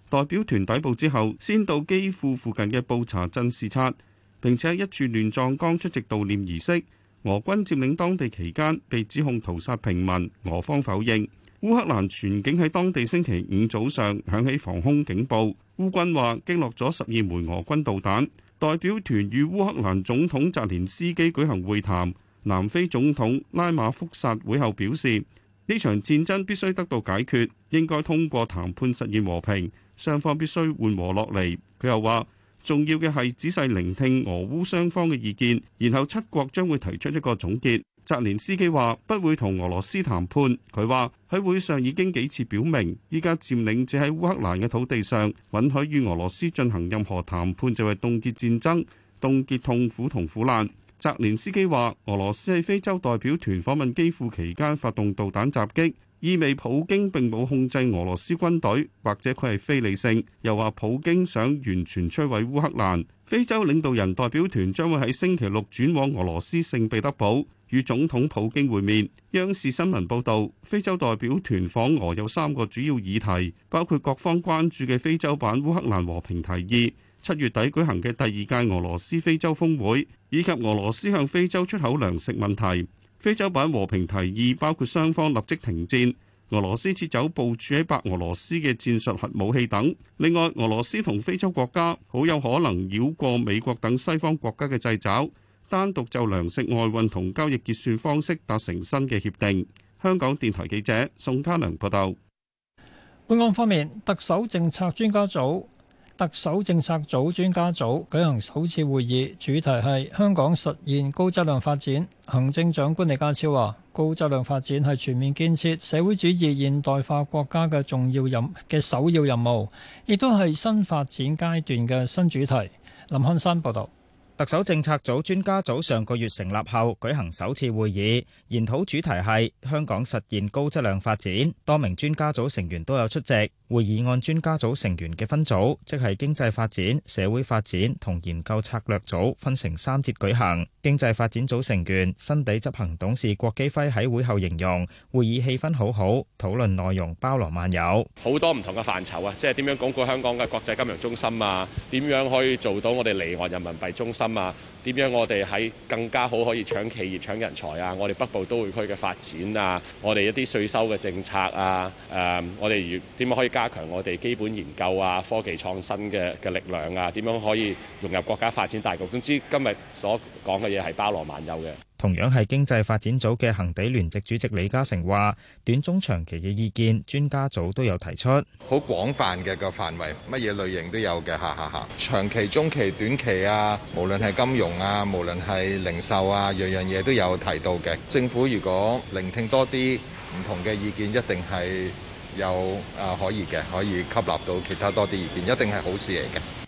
代表團抵步之後，先到基輔附近嘅布查鎮視察，並且一處亂葬崗出席悼念儀式。俄軍佔領當地期間被指控屠殺平民，俄方否認。烏克蘭全境喺當地星期五早上響起防空警報。烏軍話擊落咗十二枚俄軍導彈。代表團與烏克蘭總統澤連斯基舉行會談。南非總統拉馬福薩會後表示，呢場戰爭必須得到解決，應該通過談判實現和平，雙方必須緩和落嚟。佢又話，重要嘅係仔細聆聽俄烏雙方嘅意見，然後七國將會提出一個總結。澤連斯基話不會同俄羅斯談判。佢話喺會上已經幾次表明，依家佔領者喺烏克蘭嘅土地上，允許與俄羅斯進行任何談判就係凍結戰爭、凍結痛苦同苦難。澤連斯基話俄羅斯喺非洲代表團訪問基輔期間發動導彈襲擊，意味普京並冇控制俄羅斯軍隊，或者佢係非理性。又話普京想完全摧毀烏克蘭。非洲領導人代表團將會喺星期六轉往俄羅斯聖彼得堡。與總統普京會面。央視新聞報道，非洲代表團訪俄有三個主要議題，包括各方關注嘅非洲版烏克蘭和平提議、七月底舉行嘅第二屆俄羅斯非洲峰會，以及俄羅斯向非洲出口糧食問題。非洲版和平提議包括雙方立即停戰、俄羅斯撤走部署喺白俄羅斯嘅戰術核武器等。另外，俄羅斯同非洲國家好有可能繞過美國等西方國家嘅掣肘。單獨就糧食外運同交易結算方式達成新嘅協定。香港電台記者宋嘉良報道。本港方面，特首政策專家組，特首政策組專家組舉行首次會議，主題係香港實現高質量發展。行政長官李家超話：高質量發展係全面建設社會主義現代化國家嘅重要任嘅首要任務，亦都係新發展階段嘅新主題。林漢山報道。特首政策組專家組上個月成立後舉行首次會議，研討主題係香港實現高質量發展，多名專家組成員都有出席。會議按專家組成員嘅分組，即係經濟發展、社會發展同研究策略組，分成三節舉行。經濟發展組成員新地執行董事郭基輝喺會後形容，會議氣氛好好，討論內容包羅萬有，好多唔同嘅範疇啊！即係點樣鞏固香港嘅國際金融中心啊？點樣可以做到我哋離岸人民幣中心啊？點樣我哋喺更加好可以搶企業、搶人才啊！我哋北部都會區嘅發展啊！我哋一啲稅收嘅政策啊！誒，我哋點樣可以加強我哋基本研究啊、科技創新嘅嘅力量啊？點樣可以融入國家發展大局？總之，今日所講嘅嘢係包羅萬有嘅。同樣係經濟發展組嘅恆地聯席主席李嘉誠話：短、中、長期嘅意見，專家組都有提出，好廣泛嘅個範圍，乜嘢類型都有嘅，哈哈哈！長期、中期、短期啊，無論係金融啊，無論係零售啊，樣樣嘢都有提到嘅。政府如果聆聽多啲唔同嘅意見，一定係有啊、呃、可以嘅，可以吸納到其他多啲意見，一定係好事嚟嘅。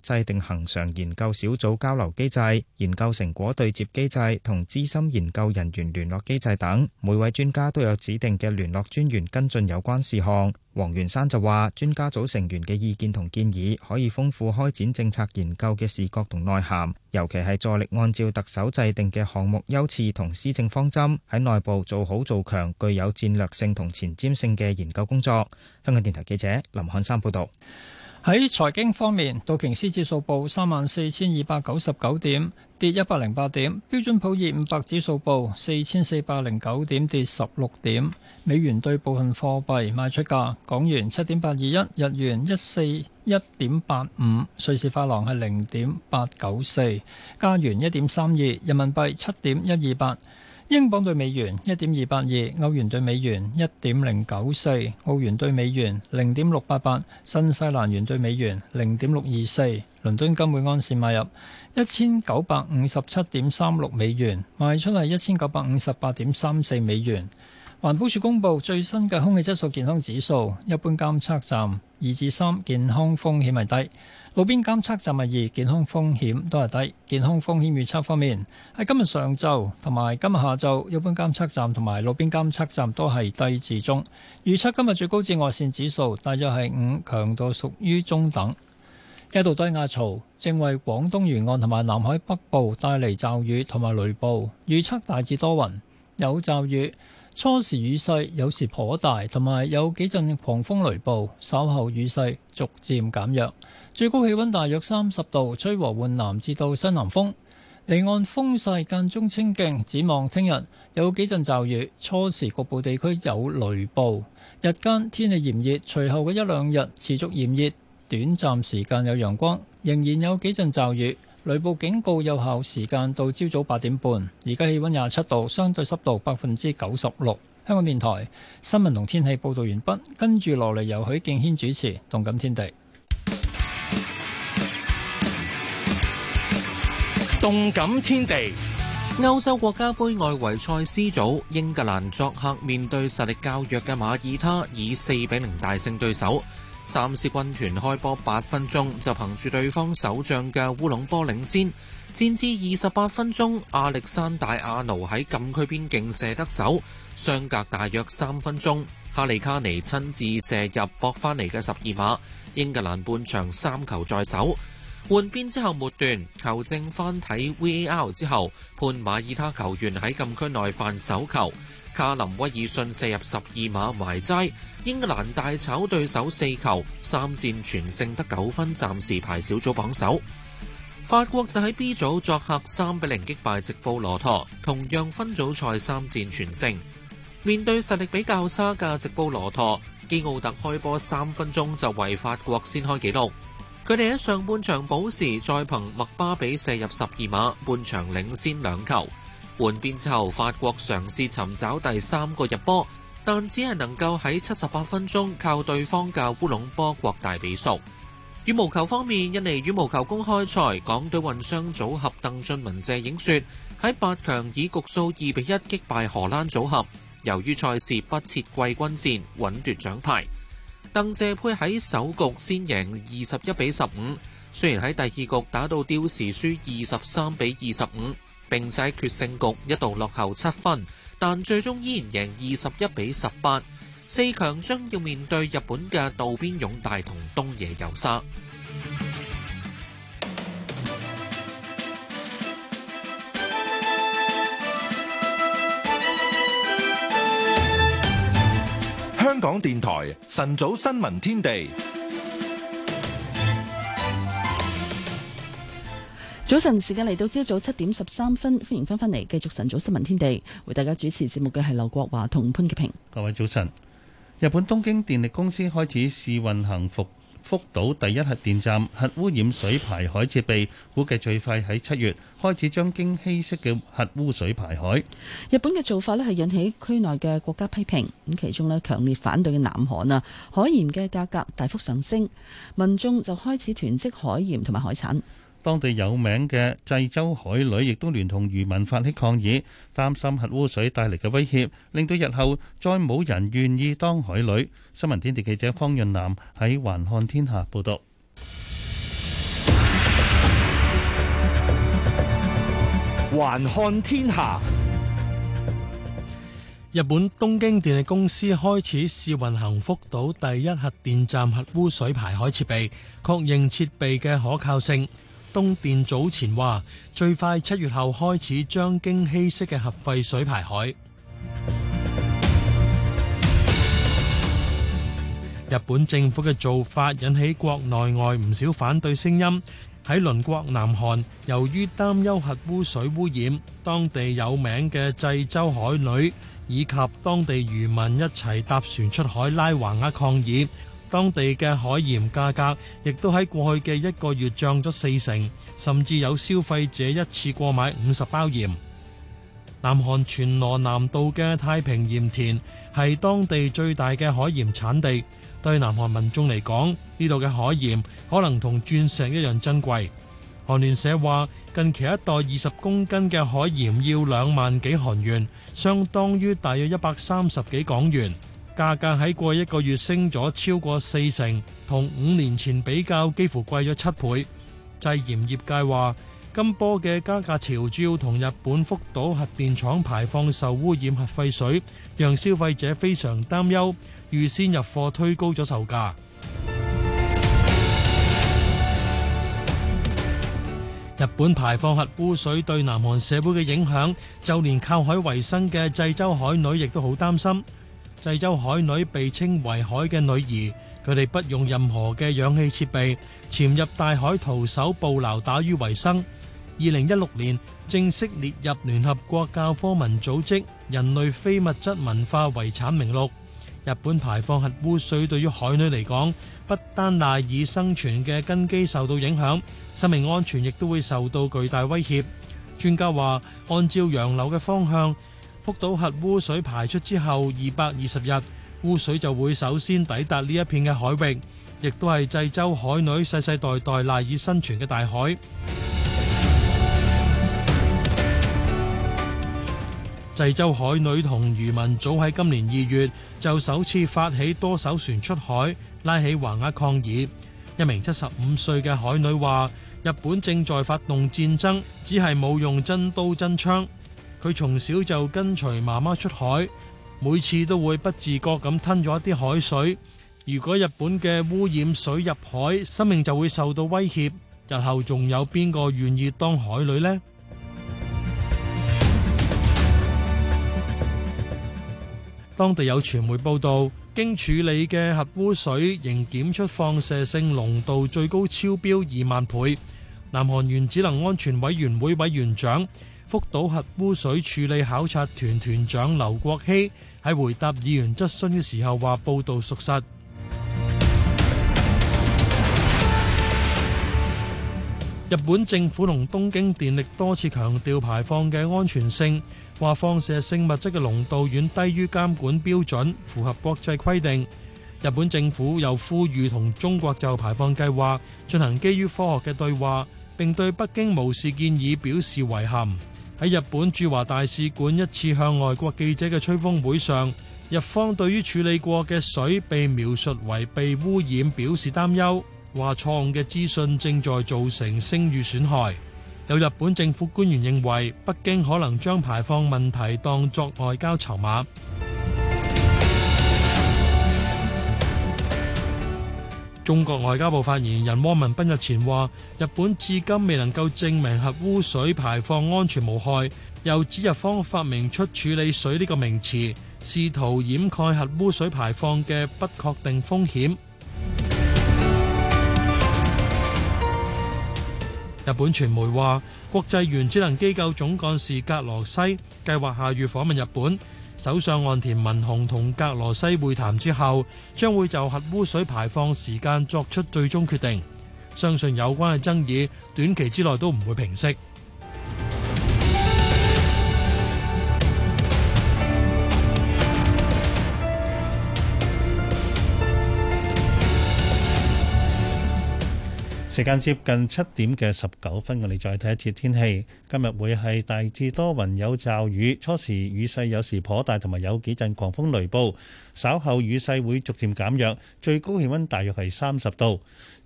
制定恒常研究小組交流機制、研究成果對接機制同資深研究人員聯絡機制等，每位專家都有指定嘅聯絡專員跟進有關事項。黃元山就話，專家組成員嘅意見同建議可以豐富開展政策研究嘅視角同內涵，尤其係助力按照特首制定嘅項目優次同施政方針喺內部做好做強具有戰略性同前瞻性嘅研究工作。香港電台記者林漢山報道。喺財經方面，道瓊斯指數報三萬四千二百九十九點，跌一百零八點；標準普爾五百指數報四千四百零九點，跌十六點。美元對部分貨幣賣出價：港元七點八二一，日元一四一點八五，瑞士法郎係零點八九四，加元一點三二，人民幣七點一二八。英鎊兌美元一點二八二，歐元兌美元一點零九四，澳元兌美元零點六八八，新西蘭元兌美元零點六二四。倫敦金會安士買入一千九百五十七點三六美元，賣出係一千九百五十八點三四美元。環保署公布最新嘅空氣質素健康指數，一般監測站二至三，健康風險係低。路邊監測站係二，健康風險都係低。健康風險預測方面，喺今日上晝同埋今日下晝，一般監測站同埋路邊監測站都係低至中。預測今日最高紫外線指數大約係五，強度屬於中等。一度低壓槽正為廣東沿岸同埋南海北部帶嚟驟雨同埋雷暴，預測大致多雲，有驟雨。初時雨勢有時頗大，同埋有幾陣狂風雷暴。稍後雨勢逐漸減弱，最高氣温大約三十度，吹和緩南至到西南風。離岸風勢間中清勁。展望聽日有幾陣驟雨，初時局部地區有雷暴。日間天氣炎熱，隨後嘅一兩日持續炎熱，短暫時間有陽光，仍然有幾陣驟雨。雷暴警告有效時間到朝早八點半，而家氣溫廿七度，相對濕度百分之九十六。香港電台新聞同天氣報道完畢，跟住落嚟由許敬軒主持《動感天地》。《動感天地》歐洲國家杯外圍賽 C 組，英格蘭作客面對實力較弱嘅馬爾他，以四比零大勝對手。三獅軍團開波八分鐘就憑住對方守將嘅烏龍波領先，戰至二十八分鐘，亞歷山大阿奴喺禁區邊勁射得手，相隔大約三分鐘，哈利卡尼親自射入搏翻嚟嘅十二碼，英格蘭半場三球在手。換邊之後末段，球證翻睇 VAR 之後判馬爾他球員喺禁區內犯手球，卡林威爾遜射入十二碼埋齋。英格蘭大炒對手四球，三戰全勝得九分，暫時排小組榜首。法國就喺 B 組作客三比零擊敗直布羅陀，同樣分組賽三戰全勝。面對實力比較差嘅直布羅陀，基奧特開波三分鐘就為法國先開紀錄。佢哋喺上半場補時再憑麥巴比射入十二碼，半場領先兩球。換邊之後，法國嘗試尋找第三個入波。但只係能夠喺七十八分鐘靠對方嘅烏龍波擴大比數。羽毛球方面，印尼羽毛球公開賽港隊混雙組合鄧俊文、謝影雪喺八強以局數二比一擊敗荷蘭組合。由於賽事不設季軍戰，穩奪獎牌。鄧謝配喺首局先贏二十一比十五，雖然喺第二局打到刁時輸二十三比二十五，並且喺決勝局一度落後七分。但最終依然贏二十一比十八，四強將要面對日本嘅渡邊勇大同東野有紗。香港電台晨早新聞天地。早晨，時間嚟到朝早七點十三分，歡迎翻返嚟繼續晨早新聞天地，為大家主持節目嘅係劉國華同潘潔平。各位早晨！日本東京電力公司開始試運行福福島第一核電站核污染水排海設備，估計最快喺七月開始將經稀釋嘅核污水排海。日本嘅做法呢係引起區內嘅國家批評，咁其中呢強烈反對嘅南韓啊，海鹽嘅價格大幅上升，民眾就開始囤積海鹽同埋海產。當地有名嘅濟州海女亦都聯同漁民發起抗議，擔心核污水帶嚟嘅威脅，令到日後再冇人願意當海女。新聞天地記者方潤南喺《環看天下》報道，《環看天下》日本東京電力公司開始試運行福島第一核電站核污水排海設備，確認設備嘅可靠性。東電早前話最快七月後開始將經稀釋嘅核廢水排海。日本政府嘅做法引起國內外唔少反對聲音。喺鄰國南韓，由於擔憂核污水污染，當地有名嘅濟州海女以及當地漁民一齊搭船出海拉橫額抗議。當地嘅海鹽價格亦都喺過去嘅一個月漲咗四成，甚至有消費者一次過買五十包鹽。南韓全羅南道嘅太平鹽田係當地最大嘅海鹽產地，對南韓民眾嚟講，呢度嘅海鹽可能同鑽石一樣珍貴。韓聯社話，近期一袋二十公斤嘅海鹽要兩萬幾韓元，相當於大約一百三十幾港元。價格喺過一個月升咗超過四成，同五年前比較幾乎貴咗七倍。製鹽業界話，今波嘅加價潮主要同日本福島核電廠排放受污染核廢水，讓消費者非常擔憂，預先入貨推高咗售價。日本排放核污水對南韓社會嘅影響，就連靠海為生嘅濟州海女亦都好擔心。濟州海女被稱為海嘅女兒，佢哋不用任何嘅氧氣設備，潛入大海徒手捕撈打魚為生。二零一六年正式列入聯合國教科文組織人類非物質文化遺產名錄。日本排放核污水對於海女嚟講，不單賴以生存嘅根基受到影響，生命安全亦都會受到巨大威脅。專家話，按照洋流嘅方向。福島核污水排出之後二百二十日，污水就會首先抵達呢一片嘅海域，亦都係濟州海女世世代代賴以生存嘅大海。濟 州海女同漁民早喺今年二月就首次發起多艘船出海，拉起橫額抗議。一名七十五歲嘅海女話：「日本正在發動戰爭，只係冇用真刀真槍。佢從小就跟隨媽媽出海，每次都會不自覺咁吞咗一啲海水。如果日本嘅污染水入海，生命就會受到威脅。日後仲有邊個願意當海女呢？ 當地有傳媒報道，經處理嘅核污水仍檢出放射性濃度最高超標二萬倍。南韓原子能安全委員會委員長。福島核污水處理考察團團長劉國熙喺回答議員質詢嘅時候話：報道屬實。日本政府同東京電力多次強調排放嘅安全性，話放射性物質嘅濃度遠低於監管標準，符合國際規定。日本政府又呼籲同中國就排放計劃進行基於科學嘅對話，並對北京無視建議表示遺憾。喺日本駐華大使館一次向外國記者嘅吹風會上，日方對於處理過嘅水被描述為被污染，表示擔憂，話錯誤嘅資訊正在造成聲譽損害。有日本政府官員認為，北京可能將排放問題當作外交籌碼。中國外交部發言人汪文斌日前話，日本至今未能夠證明核污水排放安全無害，又指日方發明出“處理水”呢個名詞，試圖掩蓋核污水排放嘅不確定風險。日本傳媒話，國際原子能機構總幹事格羅西計劃下月訪問日本。首相岸田文雄同格羅西會談之後，將會就核污水排放時間作出最終決定。相信有關嘅爭議短期之內都唔會平息。時間接近七點嘅十九分，我哋再睇一次天氣。今日會係大致多雲有驟雨，初時雨勢有時頗大，同埋有幾陣狂風雷暴。稍後雨勢會逐漸減弱，最高氣溫大約係三十度。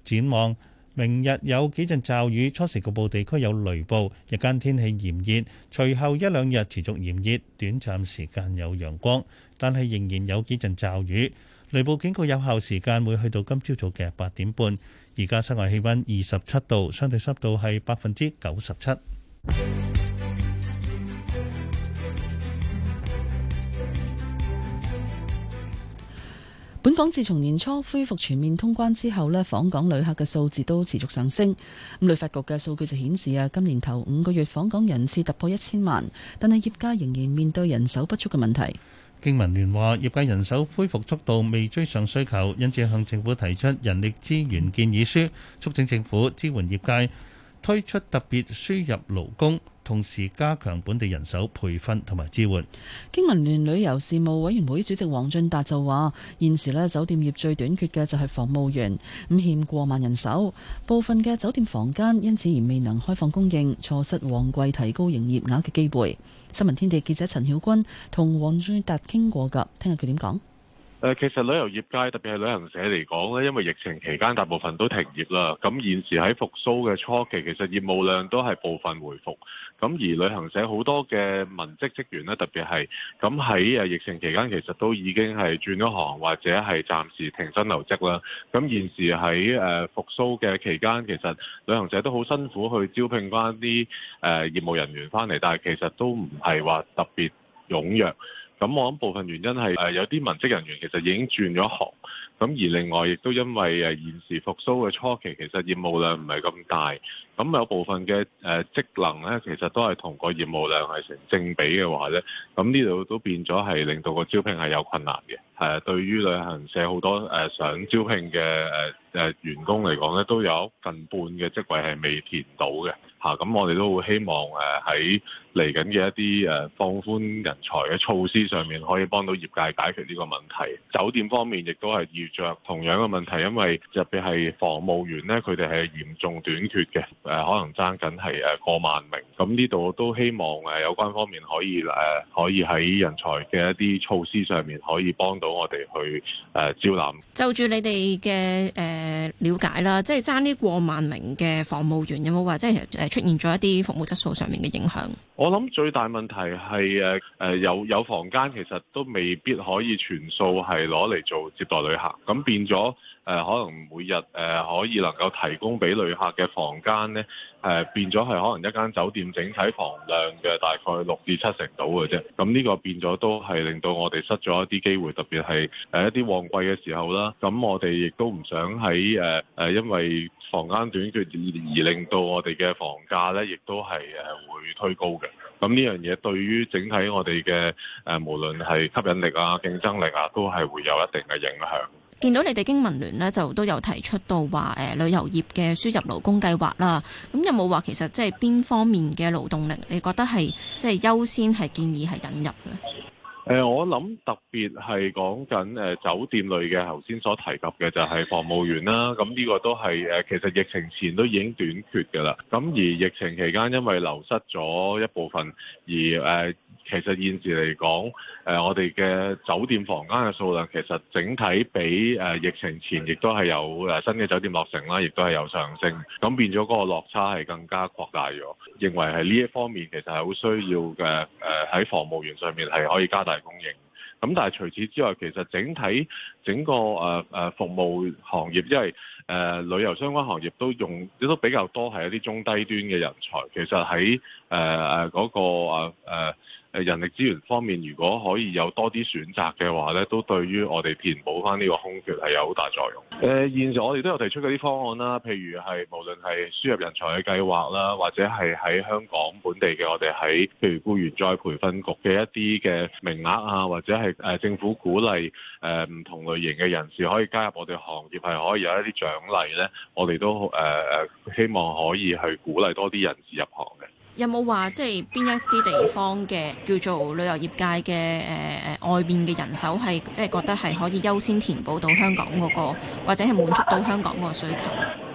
展望明日有幾陣驟雨，初時局部地區有雷暴，日間天氣炎熱，隨後一兩日持續炎熱，短暫時間有陽光，但係仍然有幾陣驟雨。雷暴警告有效時間會去到今朝早嘅八點半。而家室外氣溫二十七度，相對濕度係百分之九十七。本港自從年初恢復全面通關之後呢，訪港旅客嘅數字都持續上升。咁旅發局嘅數據就顯示啊，今年頭五個月訪港人次突破一千萬，但係業界仍然面對人手不足嘅問題。經文聯話，業界人手恢復速度未追上需求，因此向政府提出人力資源建議書，促請政府支援業界推出特別輸入勞工，同時加強本地人手培訓同埋支援。經文聯旅遊事務委員會主席王俊達就話，現時呢，酒店業最短缺嘅就係房務員，唔欠過萬人手，部分嘅酒店房間因此而未能開放供應，錯失旺季提高營業額嘅機會。新聞天地記者陳曉君同黃俊達傾過㗎，聽日佢點講？誒、呃，其實旅遊業界特別係旅行社嚟講咧，因為疫情期間大部分都停業啦。咁現時喺復甦嘅初期，其實業務量都係部分回復。咁而旅行社好多嘅文職職員咧，特別係咁喺誒疫情期間，其實都已經係轉咗行或者係暫時停薪留職啦。咁現時喺誒復甦嘅期間，其實旅行社都好辛苦去招聘翻啲誒業務人員翻嚟，但係其實都唔係話特別踴躍。咁我諗部分原因係誒有啲文職人員其實已經轉咗行，咁而另外亦都因為誒現時復甦嘅初期，其實業務量唔係咁大。咁有部分嘅誒職能咧，其實都係同個業務量係成正比嘅話咧，咁呢度都變咗係令到個招聘係有困難嘅。誒、啊，對於旅行社好多誒、啊、想招聘嘅誒誒員工嚟講咧，都有近半嘅職位係未填到嘅。嚇、啊，咁我哋都會希望誒喺嚟緊嘅一啲誒放寬人才嘅措施上面，可以幫到業界解決呢個問題。酒店方面亦都係遇着同樣嘅問題，因為特別係房務員咧，佢哋係嚴重短缺嘅。誒可能爭緊係誒過萬名，咁呢度都希望誒有關方面可以誒可以喺人才嘅一啲措施上面可以幫到我哋去誒招攬。就住你哋嘅誒瞭解啦，即係爭啲過萬名嘅房務員有冇話即係出現咗一啲服務質素上面嘅影響？我諗最大問題係誒誒有有房間其實都未必可以全數係攞嚟做接待旅客，咁變咗誒、呃、可能每日誒、呃、可以能夠提供俾旅客嘅房間咧。誒變咗係可能一間酒店整體房量嘅大概六至七成度嘅啫，咁呢個變咗都係令到我哋失咗一啲機會，特別係誒一啲旺季嘅時候啦。咁我哋亦都唔想喺誒誒因為房間短缺而而令到我哋嘅房價咧，亦都係誒會推高嘅。咁呢樣嘢對於整體我哋嘅誒無論係吸引力啊、競爭力啊，都係會有一定嘅影響。見到你哋經民聯呢，就都有提出到話誒、呃、旅遊業嘅輸入勞工計劃啦。咁有冇話其實即係邊方面嘅勞動力，你覺得係即係優先係建議係引入呢？誒、呃，我諗特別係講緊誒酒店類嘅，頭先所提及嘅就係房務員啦。咁、啊、呢個都係誒、啊，其實疫情前都已經短缺嘅啦。咁、啊、而疫情期間因為流失咗一部分，而誒、啊、其實現時嚟講，誒、啊、我哋嘅酒店房間嘅數量其實整體比誒、啊、疫情前亦都係有誒新嘅酒店落成啦，亦、啊、都係有上升。咁變咗個落差係更加擴大咗，認為係呢一方面其實係好需要嘅。誒喺房務員上面係可以加大。大供應，咁、嗯、但係，除此之外，其實整體整個誒誒、呃、服務行業，因為誒旅遊相關行業都用都比較多係一啲中低端嘅人才，其實喺誒誒嗰個誒。呃誒人力資源方面，如果可以有多啲選擇嘅話咧，都對於我哋填補翻呢個空缺係有好大作用。誒、呃、現時我哋都有提出嗰啲方案啦，譬如係無論係輸入人才嘅計劃啦，或者係喺香港本地嘅我哋喺譬如僱員再培訓局嘅一啲嘅名額啊，或者係誒政府鼓勵誒、呃、唔同類型嘅人士可以加入我哋行業，係可以有一啲獎勵咧，我哋都誒、呃、希望可以去鼓勵多啲人士入行嘅。有冇話即係邊一啲地方嘅叫做旅遊業界嘅誒誒外面嘅人手係即係覺得係可以優先填補到香港嗰個，或者係滿足到香港嗰個需求？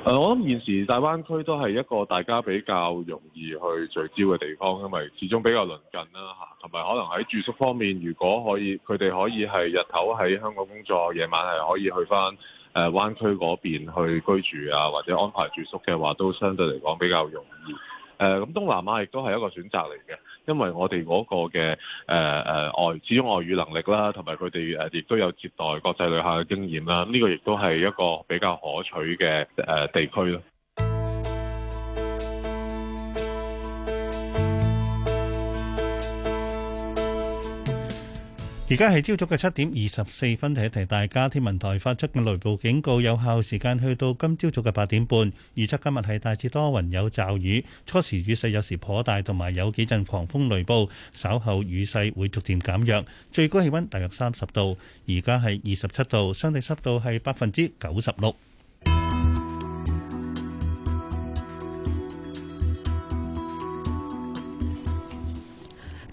誒，我諗現時大灣區都係一個大家比較容易去聚焦嘅地方，因為始終比較鄰近啦嚇，同埋可能喺住宿方面，如果可以佢哋可以係日頭喺香港工作，夜晚係可以去翻誒灣區嗰邊去居住啊，或者安排住宿嘅話，都相對嚟講比較容易。誒咁東南亞亦都係一個選擇嚟嘅，因為我哋嗰個嘅誒誒外，始終外語能力啦，同埋佢哋誒亦都有接待國際旅客嘅經驗啦，咁呢、嗯這個亦都係一個比較可取嘅誒、呃、地區咯。而家係朝早嘅七點二十四分，提一提大家，天文台發出嘅雷暴警告有效時間去到今朝早嘅八點半。預測今日係大致多雲有驟雨，初時雨勢有時頗大，同埋有幾陣狂風雷暴。稍後雨勢會逐漸減弱，最高氣溫大約三十度。而家係二十七度，相對濕度係百分之九十六。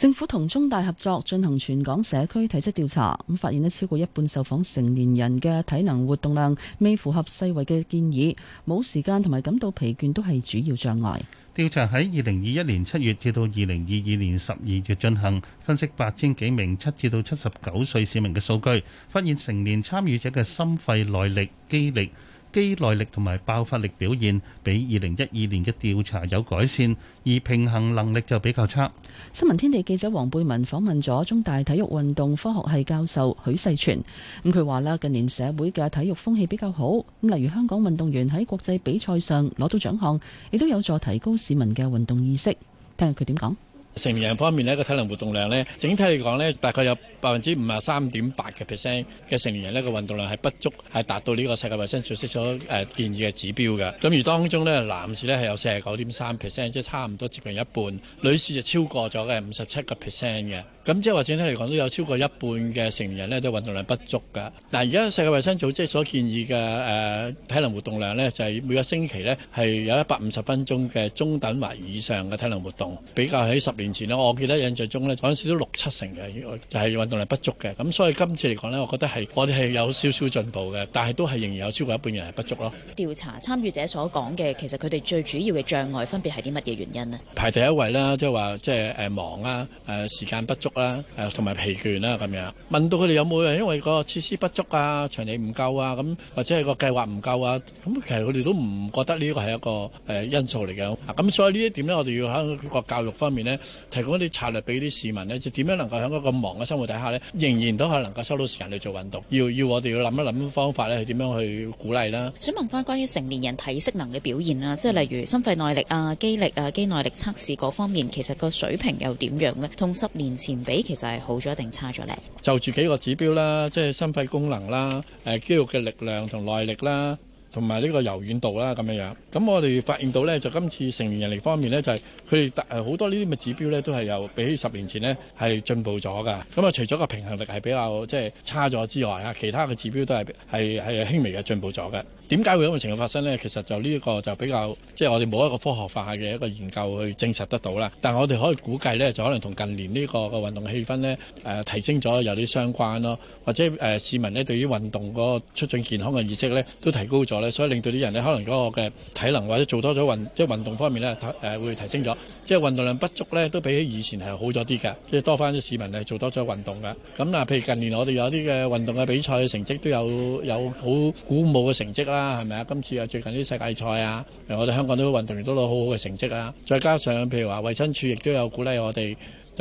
政府同中大合作進行全港社區體質調查，咁發現呢，超過一半受訪成年人嘅體能活動量未符合世衛嘅建議，冇時間同埋感到疲倦都係主要障礙。調查喺二零二一年七月至到二零二二年十二月進行，分析八千幾名七至到七十九歲市民嘅數據，發現成年參與者嘅心肺耐力、肌力、肌耐力同埋爆發力表現比二零一二年嘅調查有改善，而平衡能力就比較差。新聞天地記者黃貝文訪問咗中大體育運動科學系教授許世全，咁佢話啦，近年社會嘅體育風氣比較好，咁、嗯、例如香港運動員喺國際比賽上攞到獎項，亦都有助提高市民嘅運動意識。聽下佢點講。成年人方面呢個體能活動量呢，整體嚟講呢，大概有百分之五十三點八嘅 percent 嘅成年人呢個運動量係不足，係達到呢個世界衞生組織所誒建議嘅指標嘅。咁而當中呢，男士呢係有四十九點三 percent，即係差唔多接近一半；女士就超過咗嘅五十七個 percent 嘅。咁即係話整體嚟講都有超過一半嘅成年人呢都運動量不足㗎。嗱，而家世界衞生組織所建議嘅誒體能活動量呢，就係每個星期呢係有一百五十分鐘嘅中等或以上嘅體能活動，比較喺十年前咧，我記得印象中咧，嗰陣時都六七成嘅，就係運動量不足嘅。咁所以今次嚟講咧，我覺得係我哋係有少少進步嘅，但係都係仍然有超過一半人係不足咯。調查參與者所講嘅，其實佢哋最主要嘅障礙分別係啲乜嘢原因呢？排第一位啦，即係話即係誒忙啊，誒時間不足啦，誒同埋疲倦啦咁樣。問到佢哋有冇因為個設施不足啊、場地唔夠啊，咁或者係個計劃唔夠啊？咁其實佢哋都唔覺得呢個係一個誒因素嚟嘅。咁所以呢一點呢，我哋要喺個教育方面呢，提供一啲策略俾啲市民咧，就點樣能夠喺一個咁忙嘅生活底下咧，仍然都係能夠收到時間去做運動。要要我哋要諗一諗方法咧，去點樣去鼓勵啦。想問翻關於成年人體適能嘅表現啊，即係例如心肺耐力啊、肌力啊、肌耐力測試嗰方面，其實個水平又點樣呢？同十年前比，其實係好咗定差咗呢？就住幾個指標啦，即係心肺功能啦、誒肌肉嘅力量同耐力啦。同埋呢個柔軟度啦，咁樣樣。咁我哋發現到呢，就今次成年人嚟方面呢，就係佢哋誒好多呢啲嘅指標呢，都係由比起十年前呢，係進步咗㗎。咁啊，除咗個平衡力係比較即係、就是、差咗之外啊，其他嘅指標都係係係輕微嘅進步咗嘅。點解會咁嘅情況發生呢？其實就呢一個就比較即係、就是、我哋冇一個科學化嘅一個研究去證實得到啦。但係我哋可以估計呢，就可能同近年呢個個運動氣氛呢，誒、呃、提升咗有啲相關咯，或者誒、呃、市民呢，對於運動嗰個促進健康嘅意識呢，都提高咗。所以令到啲人咧，可能嗰個嘅體能或者做多咗運，即係運動方面咧，誒會提升咗。即係運動量不足咧，都比起以前係好咗啲嘅，即係多翻啲市民係做多咗運動嘅。咁嗱，譬如近年我哋有啲嘅運動嘅比賽嘅成績都有有好鼓舞嘅成績啦，係咪啊？今次啊，最近啲世界賽啊，我哋香港都運動員都攞好好嘅成績啦。再加上譬如話衞生署亦都有鼓勵我哋。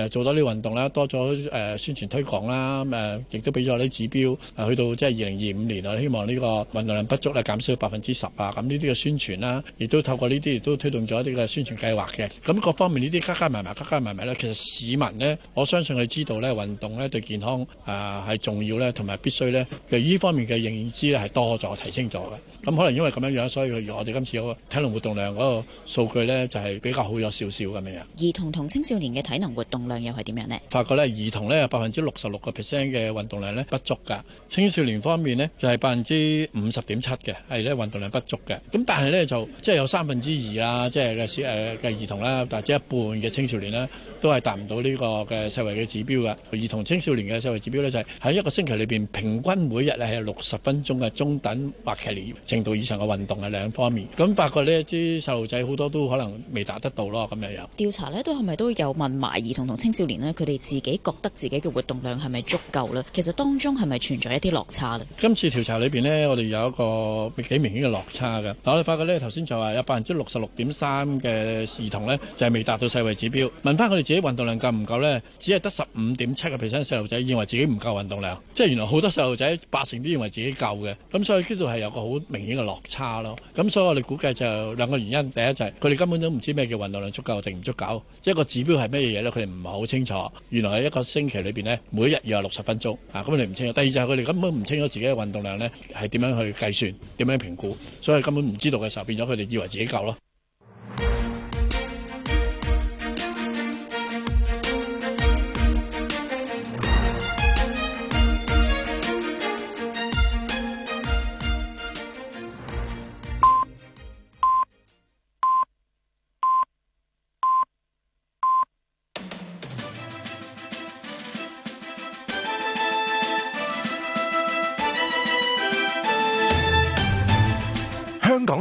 做多啲運動啦，多咗誒、呃、宣傳推廣啦，誒、呃、亦都俾咗啲指標，誒、呃、去到即係二零二五年啊，希望呢個運動量不足咧減、呃、少百分之十啊，咁呢啲嘅宣傳啦，亦、啊、都透過呢啲亦都推動咗一啲嘅宣傳計劃嘅，咁、啊、各方面呢啲加加埋埋，加加埋埋咧，其實市民呢，我相信佢知道咧運動咧對健康誒係重要咧，同、呃、埋必須咧，其實呢方面嘅認知咧係多咗提升咗嘅，咁、啊、可能因為咁樣樣，所以我哋今次個體能活動量嗰個數據咧就係、是、比較好咗少少咁樣。兒童同、同青少年嘅體能活動。量又係點樣咧？發覺咧，兒童咧有百分之六十六個 percent 嘅運動量咧不足㗎。青少年方面咧就係百分之五十點七嘅係咧運動量不足嘅。咁但係咧就即係有三分之二啦，即係嘅小誒嘅兒童啦，或者一半嘅青少年啦，都係達唔到呢個嘅世衞嘅指標㗎。兒童青少年嘅世衞指標咧就係、是、喺一個星期裏邊平均每日係六十分鐘嘅中等或劇烈程度以上嘅運動係兩方面。咁、嗯、發覺呢一啲細路仔好多都可能未達得到咯。咁又有調查咧，都係咪都有問埋兒童？青少年呢，佢哋自己覺得自己嘅活動量係咪足夠呢？其實當中係咪存在一啲落差呢？今次調查裏邊呢，我哋有一個幾明顯嘅落差嘅。但我哋發覺呢，頭先就話有百分之六十六點三嘅兒童呢，就係未達到世衞指標。問翻佢哋自己運動量夠唔夠呢？只係得十五點七個 percent 細路仔認為自己唔夠運動量，即係原來好多細路仔八成都認為自己夠嘅。咁所以呢度係有個好明顯嘅落差咯。咁所以我哋估計就兩個原因，第一就係佢哋根本都唔知咩叫運動量足夠定唔足夠，即係個指標係咩嘢呢？佢哋唔。唔係好清楚，原來喺一個星期裏邊咧，每日要係六十分鐘啊！咁你唔清楚。第二就係佢哋根本唔清楚自己嘅運動量咧係點樣去計算、點樣去評估，所以根本唔知道嘅時候，變咗佢哋以為自己夠咯。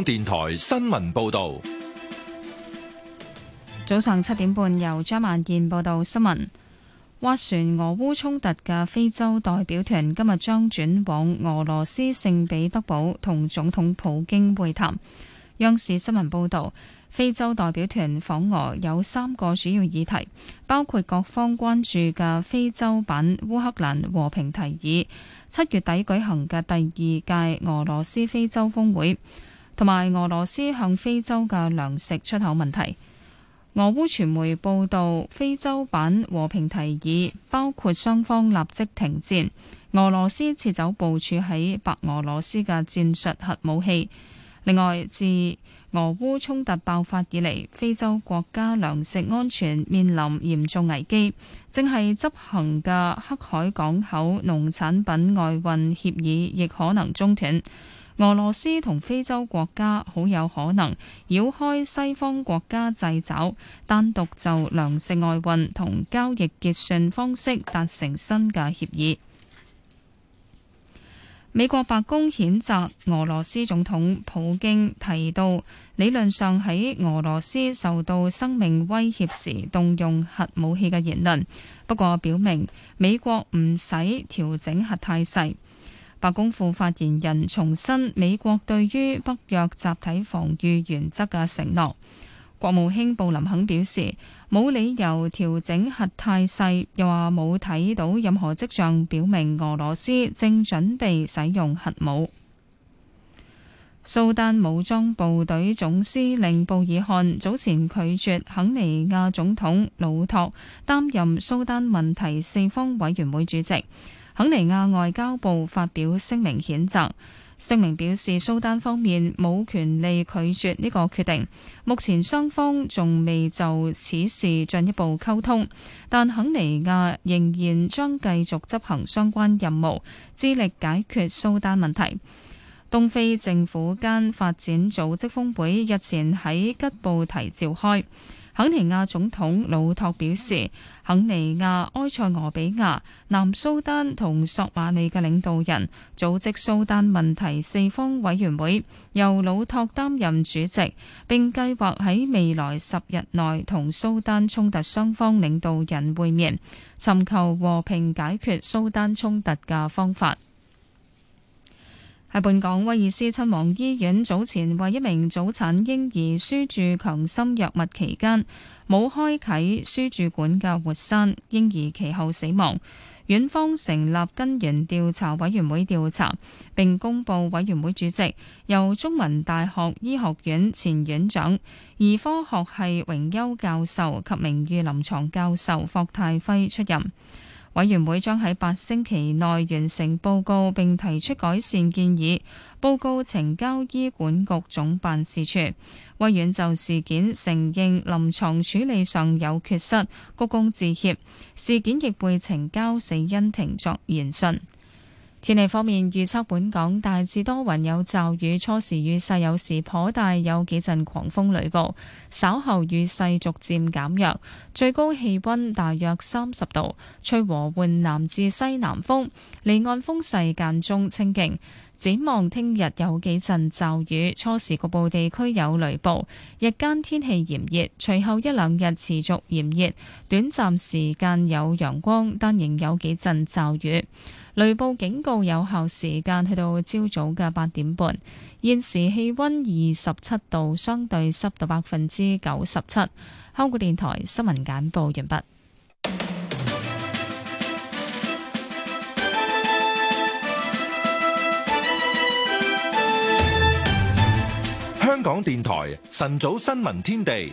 電台新聞報道，早上七點半由張萬燕報道新聞。斡旋俄烏衝突嘅非洲代表團今日將轉往俄羅斯聖彼得堡同總統普京會談。央視新聞報道，非洲代表團訪俄有三個主要議題，包括各方關注嘅非洲版烏克蘭和平提議，七月底舉行嘅第二屆俄羅斯非洲峰會。同埋俄羅斯向非洲嘅糧食出口問題，俄烏傳媒報道，非洲版和平提議包括雙方立即停戰、俄羅斯撤走部署喺白俄羅斯嘅戰術核武器。另外，自俄烏衝突爆發以嚟，非洲國家糧食安全面臨嚴重危機，正係執行嘅黑海港口農產品外運協議亦可能中斷。俄羅斯同非洲國家好有可能繞開西方國家掣肘，單獨就糧食外運同交易結算方式達成新嘅協議。美國白宮譴責俄羅斯總統普京提到理論上喺俄羅斯受到生命威脅時動用核武器嘅言論，不過表明美國唔使調整核態勢。白宮副發言人重申美國對於北約集體防御原則嘅承諾。國務卿布林肯表示，冇理由調整核態勢，又話冇睇到任何跡象表明俄羅斯正準備使用核武。蘇丹武裝部隊總司令布爾漢早前拒絕肯尼亞總統魯托擔任蘇丹問題四方委員會主席。肯尼亞外交部發表聲明譴責，聲明表示，蘇丹方面冇權利拒絕呢個決定。目前雙方仲未就此事進一步溝通，但肯尼亞仍然將繼續執行相關任務，致力解決蘇丹問題。東非政府間發展組織峰會日前喺吉布提召開。肯尼亞總統魯托表示，肯尼亞、埃塞俄比亞、南蘇丹同索馬里嘅領導人組織蘇丹問題四方委員會，由魯托擔任主席，並計劃喺未來十日內同蘇丹衝突雙方領導人會面，尋求和平解決蘇丹衝突嘅方法。喺本港威爾斯親王醫院，早前為一名早產嬰兒輸注強心藥物期間，冇開啓輸注管嘅活塞，嬰兒其後死亡。院方成立根源調查委員會調查，並公布委員會主席由中文大學醫學院前院長、兒科學系榮休教授及名譽臨床教授霍泰輝出任。委員會將喺八星期內完成報告，並提出改善建議，報告呈交醫管局總辦事處。威院就事件承認臨床處理上有缺失，鞠躬致歉。事件亦被呈交死因庭作研訊。天氣方面，預測本港大致多雲有驟雨，初時雨勢有時頗大，有幾陣狂風雷暴，稍後雨勢逐漸減弱。最高氣溫大約三十度，吹和緩南至西南風，離岸風勢間中清勁。展望聽日有幾陣驟雨，初時局部地區有雷暴，日間天氣炎熱，隨後一兩日持續炎熱，短暫時間有陽光，但仍有幾陣驟雨。雷暴警告有效時間去到朝早嘅八點半。現時氣温二十七度，相對濕度百分之九十七。香港電台新聞簡報完畢。香港電台晨早新聞天地。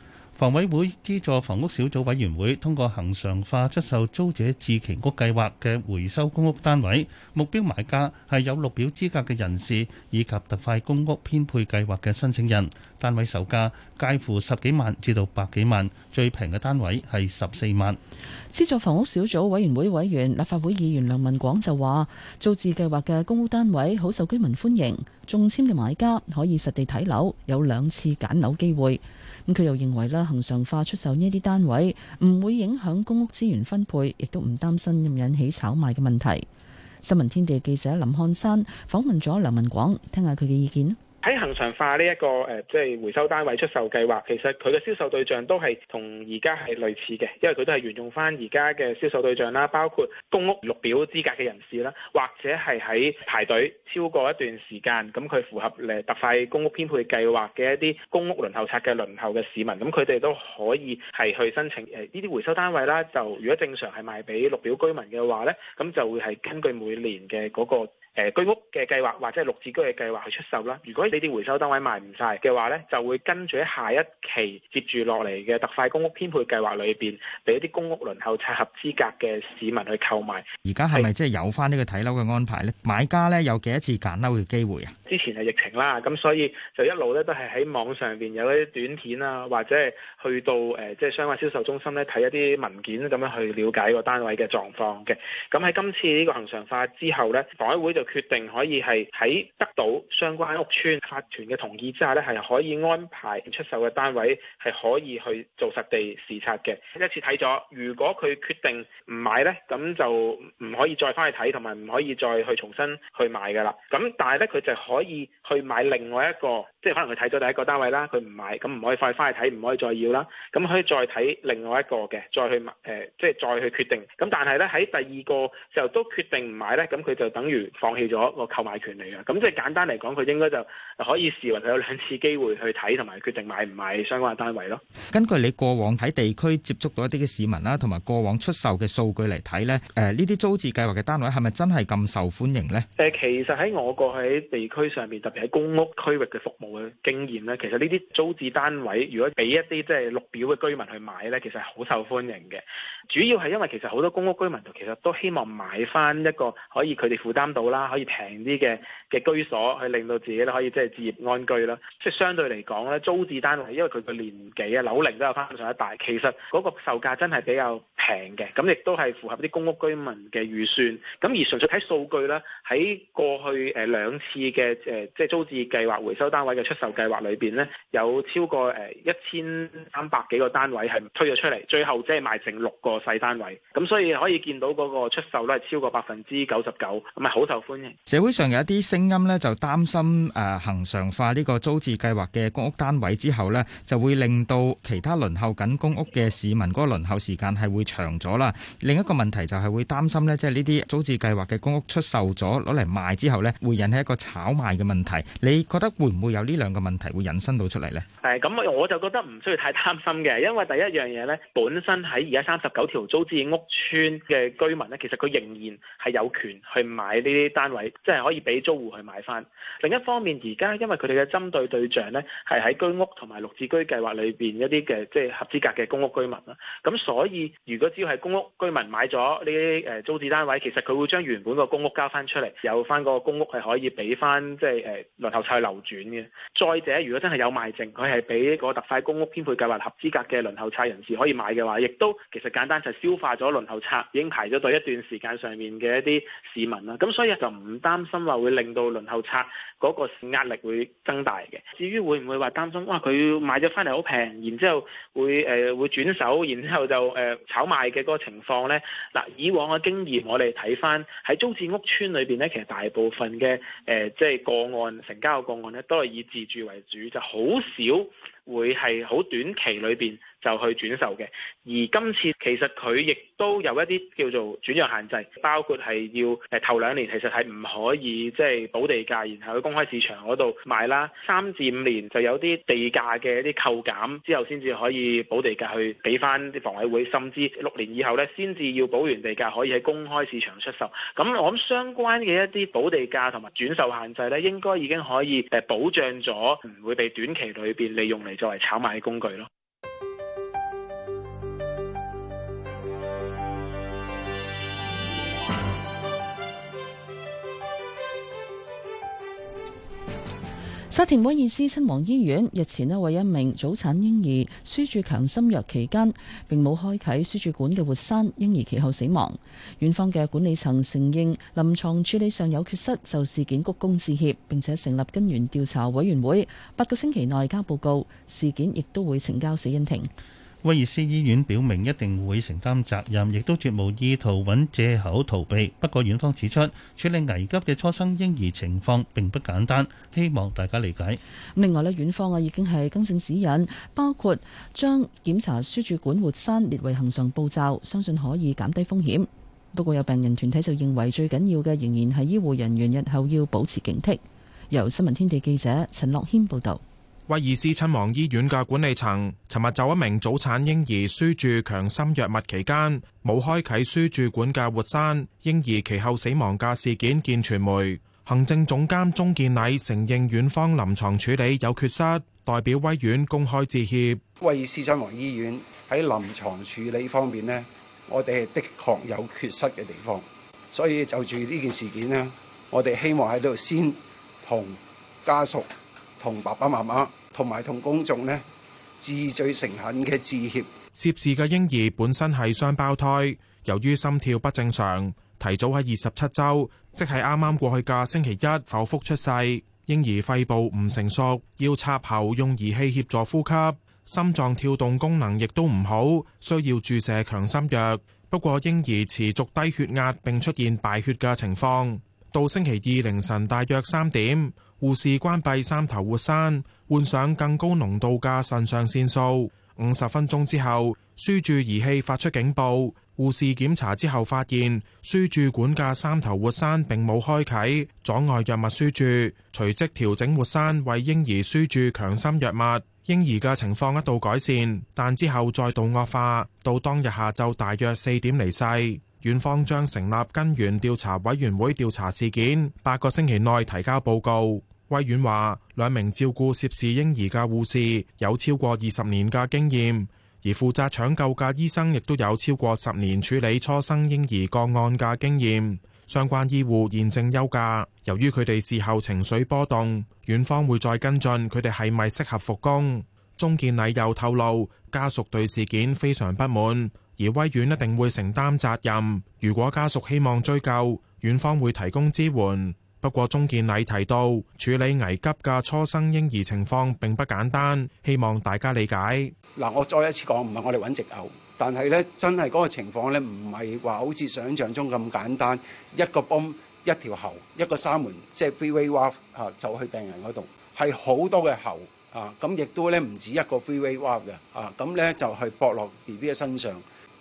房委會資助房屋小組委員會通過恒常化出售租者置其屋計劃嘅回收公屋單位，目標買家係有綠表資格嘅人士以及特快公屋編配計劃嘅申請人。單位售價介乎十幾萬至到百幾萬，最平嘅單位係十四萬。資助房屋小組委員會委員立法會議員梁文廣就話：租置計劃嘅公屋單位好受居民歡迎，中簽嘅買家可以實地睇樓，有兩次揀樓機會。咁佢又認為咧，恒常化出售呢一啲單位，唔會影響公屋資源分配，亦都唔擔心咁引起炒賣嘅問題。新聞天地記者林漢山訪問咗梁文廣，聽下佢嘅意見。喺恒常化呢、這、一個誒，即、呃、係、就是、回收單位出售計劃，其實佢嘅銷售對象都係同而家係類似嘅，因為佢都係沿用翻而家嘅銷售對象啦，包括公屋綠表資格嘅人士啦，或者係喺排隊超過一段時間，咁佢符合誒特快公屋編配計劃嘅一啲公屋輪候冊嘅輪候嘅市民，咁佢哋都可以係去申請誒呢啲回收單位啦。就如果正常係賣俾綠表居民嘅話呢，咁就會係根據每年嘅嗰、那個。誒、呃、居屋嘅計劃或者係綠置居嘅計劃去出售啦。如果你啲回收單位賣唔晒嘅話咧，就會跟住喺下一期接住落嚟嘅特快公屋編配計劃裏邊，俾一啲公屋輪候拆合資格嘅市民去購買。而家係咪即係有返呢個睇樓嘅安排咧？買家咧，有幾多次揀樓嘅機會啊？之前係疫情啦，咁所以就一路咧都係喺網上邊有啲短片啊，或者係去到誒即係相關銷售中心咧睇一啲文件咁樣去了解個單位嘅狀況嘅。咁喺今次呢個恒常化之後咧，房委會就決定可以係喺得到相關屋邨法團嘅同意之下咧，係可以安排出售嘅單位係可以去做實地視察嘅。一次睇咗，如果佢決定唔買咧，咁就唔可以再返去睇，同埋唔可以再去重新去買噶啦。咁但係咧，佢就可以去買另外一個，即係可能佢睇咗第一個單位啦，佢唔買，咁唔可以快返去睇，唔可以再要啦。咁可以再睇另外一個嘅，再去買誒，即、呃、係、即係、再去決定。咁但係咧，喺第二個時候都決定唔買咧，咁佢就等於房放棄咗個購買權利嘅，咁即係簡單嚟講，佢應該就可以視為佢有兩次機會去睇同埋決定買唔買相關嘅單位咯。根據你過往喺地區接觸到一啲嘅市民啦，同埋過往出售嘅數據嚟睇咧，誒呢啲租置計劃嘅單位係咪真係咁受歡迎咧？誒、呃，其實喺我過去喺地區上邊，特別喺公屋區域嘅服務嘅經驗咧，其實呢啲租置單位如果俾一啲即係綠表嘅居民去買咧，其實係好受歡迎嘅。主要係因為其實好多公屋居民其實都希望買翻一個可以佢哋負擔到啦。可以平啲嘅嘅居所，去令到自己咧可以即係置業安居啦。即係相對嚟講咧，租置單位因為佢個年紀啊、樓齡都有返咁上下，其實嗰個售價真係比較平嘅，咁亦都係符合啲公屋居民嘅預算。咁而純粹睇數據咧，喺過去誒兩次嘅誒即係租置計劃回收單位嘅出售計劃裏邊咧，有超過誒一千三百幾個單位係推咗出嚟，最後即係賣剩六個細單位。咁所以可以見到嗰個出售咧係超過百分之九十九，咁係好受歡迎。社會上有一啲聲音咧，就擔心誒恆常化呢個租置計劃嘅公屋單位之後咧，就會令到其他輪候緊公屋嘅市民嗰個輪候時間係會。長咗啦，另一個問題就係會擔心呢，即係呢啲租置計劃嘅公屋出售咗，攞嚟賣之後呢，會引起一個炒賣嘅問題。你覺得會唔會有呢兩個問題會引申到出嚟呢？係咁，我就覺得唔需要太擔心嘅，因為第一樣嘢呢，本身喺而家三十九條租置屋邨嘅居民呢，其實佢仍然係有權去買呢啲單位，即係可以俾租戶去買翻。另一方面，而家因為佢哋嘅針對對象呢，係喺居屋同埋綠置居計劃裏邊一啲嘅即係合資格嘅公屋居民啦，咁所以如如果只要係公屋居民買咗呢啲誒租置單位，其實佢會將原本個公屋交翻出嚟，有翻個公屋係可以俾翻即係誒輪候冊流轉嘅。再者，如果真係有賣剩，佢係俾個特快公屋編配計劃合資格嘅輪候冊人士可以買嘅話，亦都其實簡單就消化咗輪候冊已經排咗對一段時間上面嘅一啲市民啦。咁所以就唔擔心話會令到輪候冊嗰個壓力會增大嘅。至於會唔會話擔心哇，佢買咗翻嚟好平，然之後會誒、呃、會轉手，然之後就誒炒。賣嘅個情況咧，嗱，以往嘅經驗，我哋睇翻喺租置屋村裏邊咧，其實大部分嘅，誒，即係個案成交嘅個案咧，都係以自住為主，就好少。會係好短期裏邊就去轉售嘅，而今次其實佢亦都有一啲叫做轉讓限制，包括係要誒頭兩年其實係唔可以即係補地價，然後去公開市場嗰度賣啦，三至五年就有啲地價嘅一啲扣減之後先至可以補地價去俾翻啲房委會，甚至六年以後呢先至要補完地價可以喺公開市場出售。咁我諗相關嘅一啲補地價同埋轉售限制呢，應該已經可以誒保障咗唔會被短期裏邊利用嚟。作為炒賣工具咯。沙田威爾斯親王醫院日前咧為一名早產嬰兒輸注強心藥期間，並冇開啟輸注管嘅活塞，嬰兒其後死亡。院方嘅管理層承認臨床處理上有缺失，就事件鞠躬致歉，並且成立根源調查委員會，八個星期內交報告。事件亦都會呈交死因庭。威爾斯醫院表明一定會承擔責任，亦都絕無意圖揾借口逃避。不過院方指出，處理危急嘅初生嬰兒情況並不簡單，希望大家理解。另外咧，院方啊已經係更正指引，包括將檢查輸注管活塞列為恆常步驟，相信可以減低風險。不過有病人團體就認為，最緊要嘅仍然係醫護人員日後要保持警惕。由新聞天地記者陳樂謙報道。威爾斯親王醫院嘅管理層尋日就一名早產嬰兒輸注強心藥物期間冇開啟輸注管嘅活塞，嬰兒其後死亡嘅事件見傳媒。行政總監鍾建禮承認院方臨床處理有缺失，代表威院公開致歉。威爾斯親王醫院喺臨床處理方面呢，我哋係的確有缺失嘅地方，所以就住呢件事件咧，我哋希望喺度先同家屬同爸爸媽媽，同埋，同公眾呢，致最誠懇嘅致歉。涉事嘅嬰兒本身係雙胞胎，由於心跳不正常，提早喺二十七周，即係啱啱過去嘅星期一剖腹出世。嬰兒肺部唔成熟，要插喉用儀器協助呼吸，心臟跳動功能亦都唔好，需要注射強心藥。不過，嬰兒持續低血壓，並出現敗血嘅情況。到星期二凌晨大約三點，護士關閉三頭活山。換上更高濃度嘅腎上腺素。五十分鐘之後，輸注儀器發出警報。護士檢查之後發現，輸注管嘅三頭活栓並冇開啟，阻礙藥物輸注。隨即調整活栓為嬰兒輸注強心藥物。嬰兒嘅情況一度改善，但之後再度惡化，到當日下晝大約四點離世。院方將成立根源調查委員會調查事件，八個星期內提交報告。威院話，兩名照顧涉事嬰兒嘅護士有超過二十年嘅經驗，而負責搶救嘅醫生亦都有超過十年處理初生嬰兒個案嘅經驗。相關醫護現正休假，由於佢哋事後情緒波動，院方會再跟進佢哋係咪適合復工。鍾健禮又透露，家屬對事件非常不滿，而威院一定會承擔責任。如果家屬希望追究，院方會提供支援。不過鍾健禮提到，處理危急嘅初生嬰兒情況並不簡單，希望大家理解。嗱，我再一次講，唔係我哋揾隻喉，但係咧真係嗰個情況咧，唔係話好似想象中咁簡單。一個泵、一條喉、一個三門，即係 three-way valve 啊，就喺病人嗰度係好多嘅喉啊。咁亦都咧唔止一個 three-way valve 嘅啊，咁咧就係駁落 B B 嘅身上，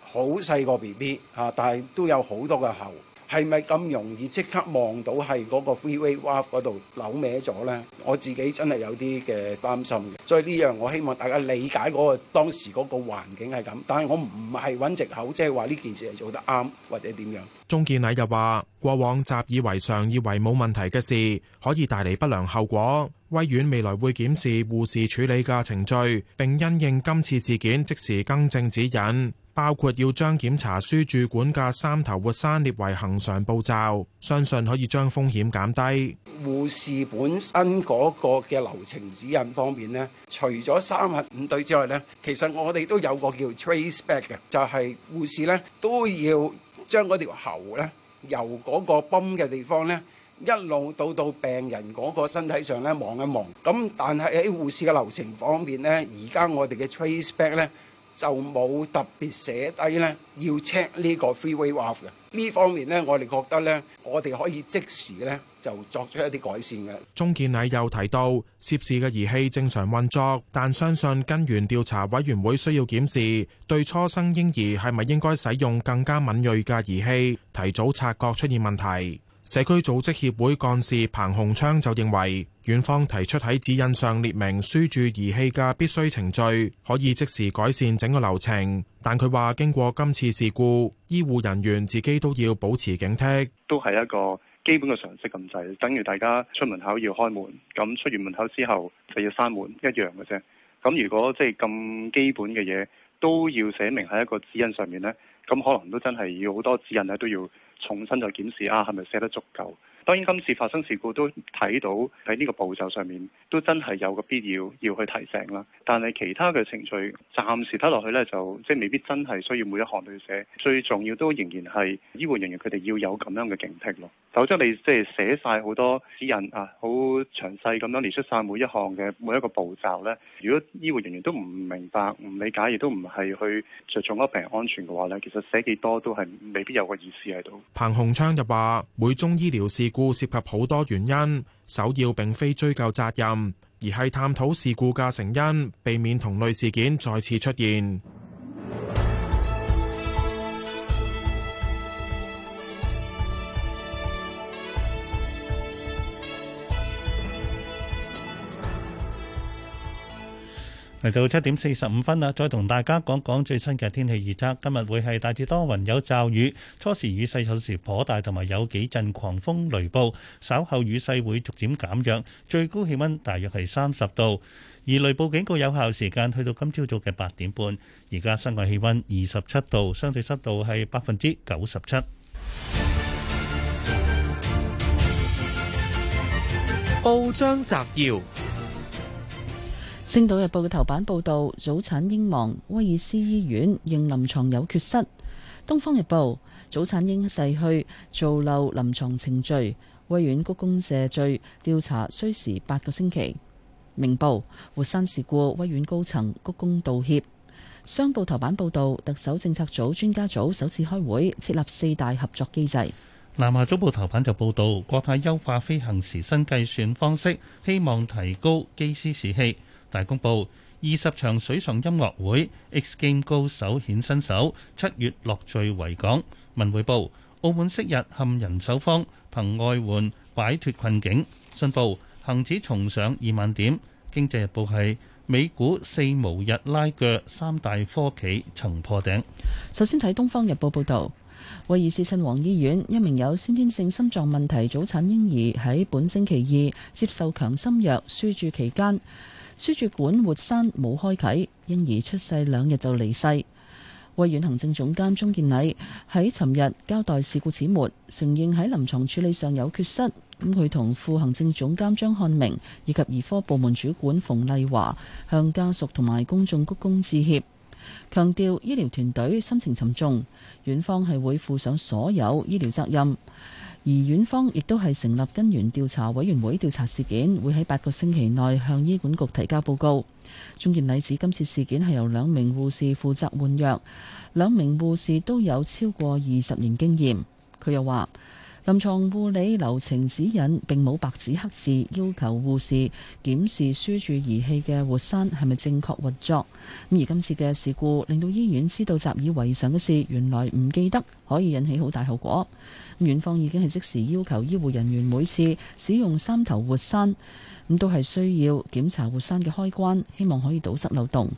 好細個 B B 啊，但係都有好多嘅喉。係咪咁容易即刻望到係嗰個 freeway valve 嗰度扭歪咗呢？我自己真係有啲嘅擔心嘅，所以呢樣我希望大家理解嗰、嗰個當時嗰個環境係咁，但係我唔係揾藉口，即係話呢件事係做得啱或者點樣。鍾健禮又話，過往習以為常以為冇問題嘅事，可以帶嚟不良後果。威院未來會檢視護士處理嘅程序，並因應今次事件即時更正指引。包括要將檢查輸注管嘅三頭活塞列為恆常步驟，相信可以將風險減低。護士本身嗰個嘅流程指引方面咧，除咗三核五對之外咧，其實我哋都有個叫 traceback 嘅，就係護士咧都要將嗰條喉咧由嗰個泵嘅地方咧一路到到病人嗰個身體上咧望一望。咁但係喺護士嘅流程方面咧，而家我哋嘅 traceback 咧。就冇特別寫低咧，要 check 呢個 freeway off 嘅呢方面咧，我哋覺得呢我哋可以即時咧就作出一啲改善嘅。鐘健禮又提到，涉事嘅儀器正常運作，但相信根源調查委員會需要檢視對初生嬰兒係咪應該使用更加敏鋭嘅儀器，提早察覺出現問題。社區組織協會幹事彭洪昌就認為，院方提出喺指引上列明輸注儀器嘅必須程序，可以即時改善整個流程。但佢話，經過今次事故，醫護人員自己都要保持警惕，都係一個基本嘅常識咁滯。等於大家出門口要開門，咁出完門口之後就要閂門，一樣嘅啫。咁如果即係咁基本嘅嘢都要寫明喺一個指引上面呢，咁可能都真係要好多指引咧都要。重新再檢視啊，係咪寫得足夠？當然今次發生事故都睇到喺呢個步驟上面都真係有個必要要去提醒啦。但係其他嘅程序暫時睇落去呢，就即係未必真係需要每一項去寫。最重要都仍然係醫護人員佢哋要有咁樣嘅警惕咯。否則你即係寫晒好多指引啊，好詳細咁樣列出晒每一項嘅每一個步驟呢。如果醫護人員都唔明白、唔理解，亦都唔係去着重病人安全嘅話呢，其實寫幾多都係未必有個意思喺度。彭洪昌就話：每宗醫療事故涉及好多原因，首要並非追究責任，而係探討事故嘅成因，避免同類事件再次出現。嚟到七點四十五分啦，再同大家講講最新嘅天氣預測。今日會係大致多雲有驟雨，初時雨勢有時頗大，同埋有幾陣狂風雷暴。稍後雨勢會逐漸減弱，最高氣溫大約係三十度。而雷暴警告有效時間去到今朝早嘅八點半。而家室外氣溫二十七度，相對濕度係百分之九十七。報章摘要。星島日報嘅頭版報道，早產嬰亡，威爾斯醫院認臨床有缺失。東方日報早產嬰逝去，造漏臨床程序，威院鞠躬謝罪，調查需時八個星期。明報活山事故，威院高層鞠躬道歉。商報頭版報道，特首政策組專家組首次開會，設立四大合作機制。南華早報頭版就報道，國泰優化飛行時薪計算方式，希望提高機師士氣。大公報二十場水上音樂會，X Game 高手顯身手，七月樂聚維港。文匯報澳門昔日陷人手荒，憑外援擺脱困境。信報恒指重上二萬點，經濟日報係美股四無日拉鋸，三大科企曾破頂。首先睇東方日報報道，威爾斯親王醫院一名有先天性心臟問題早產嬰兒喺本星期二接受強心藥輸注期間。輸注管活塞冇開啟，嬰兒出世兩日就離世。威院行政總監鍾建禮喺尋日交代事故始末，承認喺臨床處理上有缺失。咁佢同副行政總監張漢明以及兒科部門主管馮麗華向家屬同埋公眾鞠躬致歉，強調醫療團隊心情沉重，院方係會負上所有醫療責任。而院方亦都係成立根源調查委員會調查事件，會喺八個星期內向醫管局提交報告。鐘健禮指今次事件係由兩名護士負責換藥，兩名護士都有超過二十年經驗。佢又話臨床護理流程指引並冇白紙黑字要求護士檢視輸注儀器嘅活塞係咪正確運作。咁而今次嘅事故令到醫院知道習以為常嘅事原來唔記得可以引起好大後果。院方已經係即時要求醫護人員每次使用三頭活栓，咁都係需要檢查活栓嘅開關，希望可以堵塞漏洞。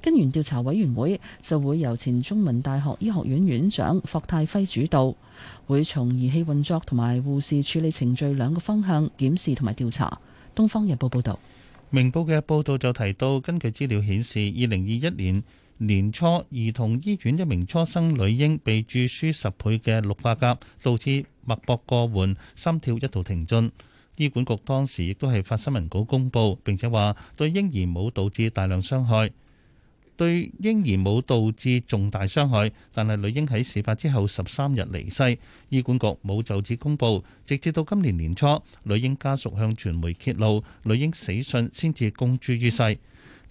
根源調查委員會就會由前中文大學醫學院院長霍泰輝主導，會從儀器運作同埋護士處理程序兩個方向檢視同埋調查。《東方日報》報導，明報嘅報導就提到，根據資料顯示，二零二一年。年初，兒童醫院一名初生女嬰被注輸十倍嘅氯化鉀，導致脈搏過緩、心跳一度停頓。醫管局當時亦都係發新聞稿公佈，並且話對嬰兒冇導致大量傷害，對嬰兒冇導致重大傷害。但係女嬰喺事發之後十三日離世，醫管局冇就此公佈，直至到今年年初，女嬰家屬向傳媒揭露女嬰死訊，先至公諸於世。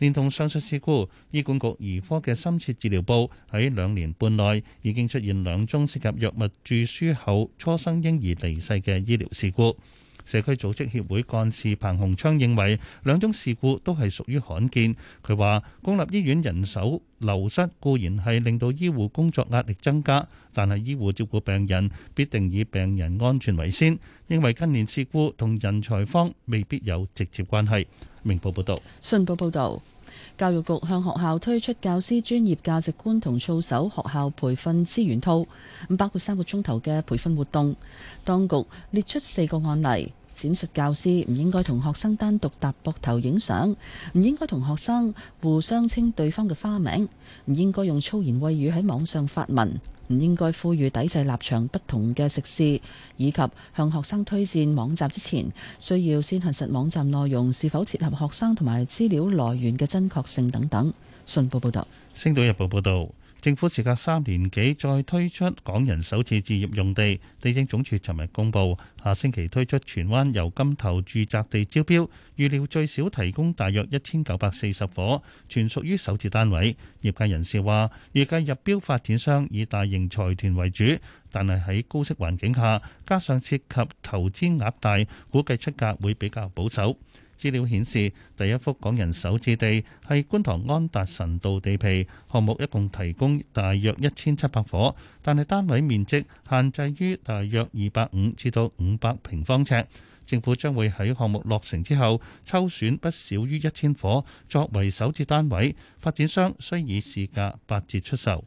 連同上述事故，醫管局兒科嘅深切治療部喺兩年半內已經出現兩宗涉及藥物注射後初生嬰兒離世嘅醫療事故。社區組織協會幹事彭洪昌認為，兩宗事故都係屬於罕見。佢話：公立醫院人手流失固然係令到醫護工作壓力增加，但係醫護照顧病人必定以病人安全為先，認為近年事故同人才方未必有直接關係。明報報道。信報報導。教育局向學校推出教師專業價值觀同操守學校培訓資源套，包括三個鐘頭嘅培訓活動。當局列出四個案例，闡述教師唔應該同學生單獨搭膊頭影相，唔應該同學生互相稱對方嘅花名，唔應該用粗言穢語喺網上發文。唔應該呼籲抵制立場不同嘅食肆，以及向學生推薦網站之前，需要先核實網站內容是否適合學生同埋資料來源嘅真確性等等。信報報道。《星島日報》報導。政府時隔三年幾再推出港人首次置業用地，地政總署尋日公布下星期推出荃灣油柑頭住宅地招標，預料最少提供大約一千九百四十伙，全屬於首次單位。業界人士話預計入標發展商以大型財團為主，但係喺高息環境下，加上涉及投資額大，估計出價會比較保守。資料顯示，第一幅港人首置地係觀塘安達臣道地皮項目，一共提供大約一千七百伙，但係單位面積限制於大約二百五至到五百平方尺。政府將會喺項目落成之後抽選不少於一千伙作為首置單位，發展商需以市價八折出售。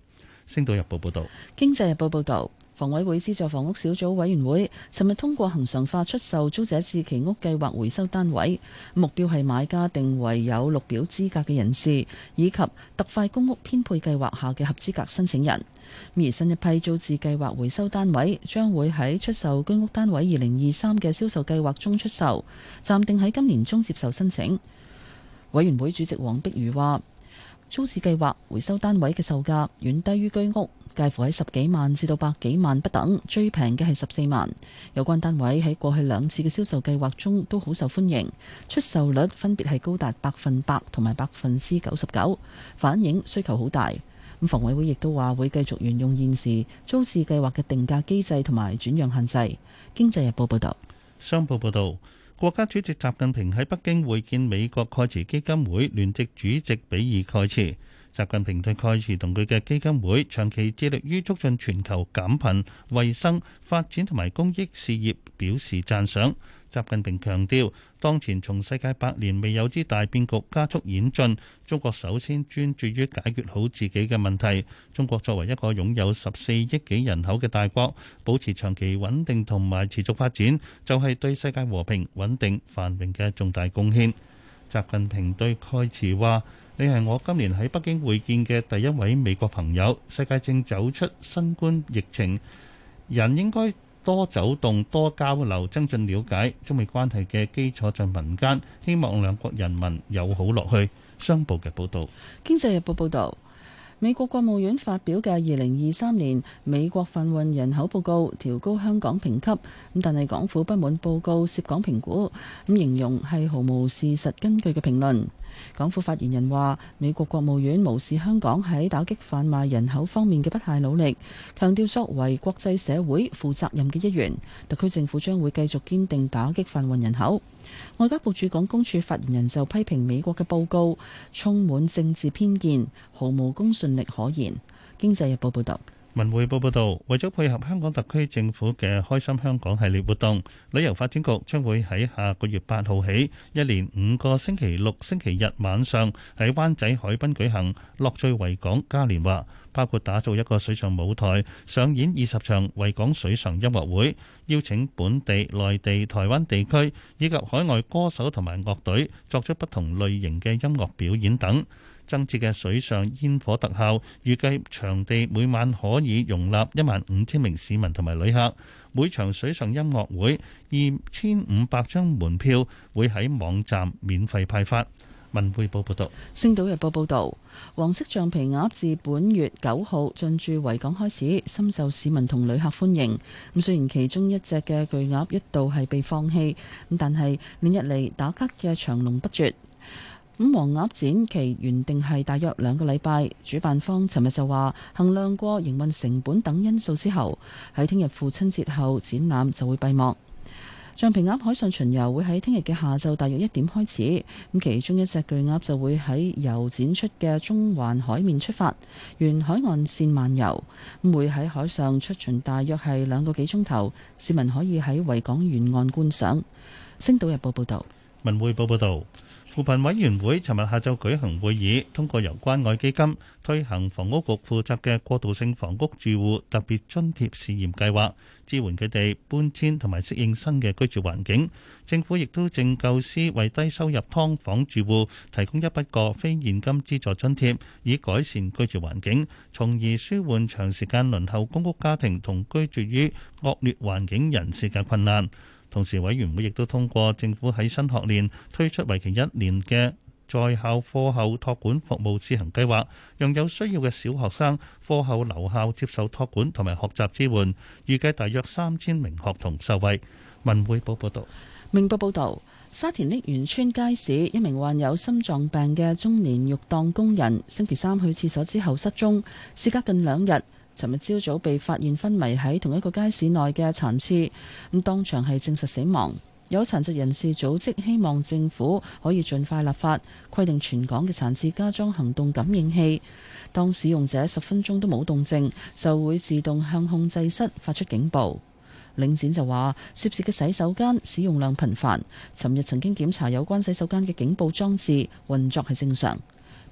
星島日報報道。經濟日報報導。房委會資助房屋小組委員會尋日通過恒常化出售租者至其屋計劃回收單位，目標係買家定為有綠表資格嘅人士，以及特快公屋編配計劃下嘅合資格申請人。而新一批租置計劃回收單位將會喺出售居屋單位二零二三嘅銷售計劃中出售，暫定喺今年中接受申請。委員會主席黃碧如話：租置計劃回收單位嘅售價遠低於居屋。介乎喺十幾萬至到百幾萬不等，最平嘅係十四萬。有關單位喺過去兩次嘅銷售計劃中都好受歡迎，出售率分別係高達百分百同埋百分之九十九，反映需求好大。咁房委會亦都話會繼續沿用現時租置計劃嘅定價機制同埋轉讓限制。經濟日報報道，商報報道，國家主席習近平喺北京會見美國蓋茨基金會聯席主席比爾蓋茨。習近平對蓋茨同佢嘅基金會長期致力於促進全球減貧、衞生、發展同埋公益事業表示讚賞。習近平強調，當前從世界百年未有之大變局加速演進，中國首先專注於解決好自己嘅問題。中國作為一個擁有十四億幾人口嘅大國，保持長期穩定同埋持續發展，就係、是、對世界和平、穩定、繁榮嘅重大貢獻。習近平對蓋茨話。你係我今年喺北京會見嘅第一位美國朋友。世界正走出新冠疫情，人應該多走動、多交流，增進了解，中美關係嘅基礎在民間。希望兩國人民友好落去。商報嘅報導，《經濟日報》報導，美國國務院發表嘅二零二三年美國販運人口報告，調高香港評級。咁但係港府不滿報告涉港評估，咁形容係毫無事實根據嘅評論。港府發言人話：美國國務院無視香港喺打擊販賣人口方面嘅不懈努力，強調作為國際社會負責任嘅一員，特區政府將會繼續堅定打擊販運人口。外交部駐港公署發言人就批評美國嘅報告充滿政治偏見，毫無公信力可言。經濟日報報道。文匯報報道，為咗配合香港特區政府嘅開心香港系列活動，旅遊發展局將會喺下個月八號起，一連五個星期六星期日晚上喺灣仔海濱舉行樂聚維港嘉年華，包括打造一個水上舞台，上演二十場維港水上音樂會，邀請本地、內地、台灣地區以及海外歌手同埋樂隊作出不同類型嘅音樂表演等。增設嘅水上煙火特效，預計場地每晚可以容納一萬五千名市民同埋旅客。每場水上音樂會二千五百張門票會喺網站免費派發。文匯報報道。星島日報報道，黃色橡皮鴨自本月九號進駐維港開始，深受市民同旅客歡迎。咁雖然其中一隻嘅巨鴨一度係被放棄，咁但係連日嚟打卡嘅長龍不絕。咁黃鴨展期原定係大約兩個禮拜，主辦方尋日就話衡量過營運成本等因素之後，喺聽日父親節後展覽就會閉幕。橡皮鴨海上巡遊會喺聽日嘅下晝大約一點開始，咁其中一隻巨鴨就會喺遊展出嘅中環海面出發，沿海岸線漫遊，會喺海上出巡大約係兩個幾鐘頭，市民可以喺維港沿岸觀賞。星島日報報道。文匯報報道，扶貧委員會尋日下晝舉行會議，通過由關愛基金推行、房屋局負責嘅過渡性房屋住戶特別津貼試驗計劃，支援佢哋搬遷同埋適應新嘅居住環境。政府亦都正構思為低收入㓥房住戶提供一筆過非現金資助津貼，以改善居住環境，從而舒緩長時間輪候公屋家庭同居住於惡劣環境人士嘅困難。同時，委員會亦都通過政府喺新學年推出為期一年嘅在校課後託管服務試行計劃，讓有需要嘅小學生課後留校接受託管同埋學習支援，預計大約三千名學童受惠。文匯報報導，明報報導，沙田瀝源邨街市一名患有心臟病嘅中年肉檔工人，星期三去廁所之後失蹤，事隔近兩日。尋日朝早被發現昏迷喺同一個街市內嘅殘廁，咁當場係證實死亡。有殘疾人士組織希望政府可以盡快立法規定全港嘅殘廁加裝行動感應器，當使用者十分鐘都冇動靜，就會自動向控制室發出警報。領展就話涉事嘅洗手間使用量頻繁，尋日曾經檢查有關洗手間嘅警報裝置運作係正常。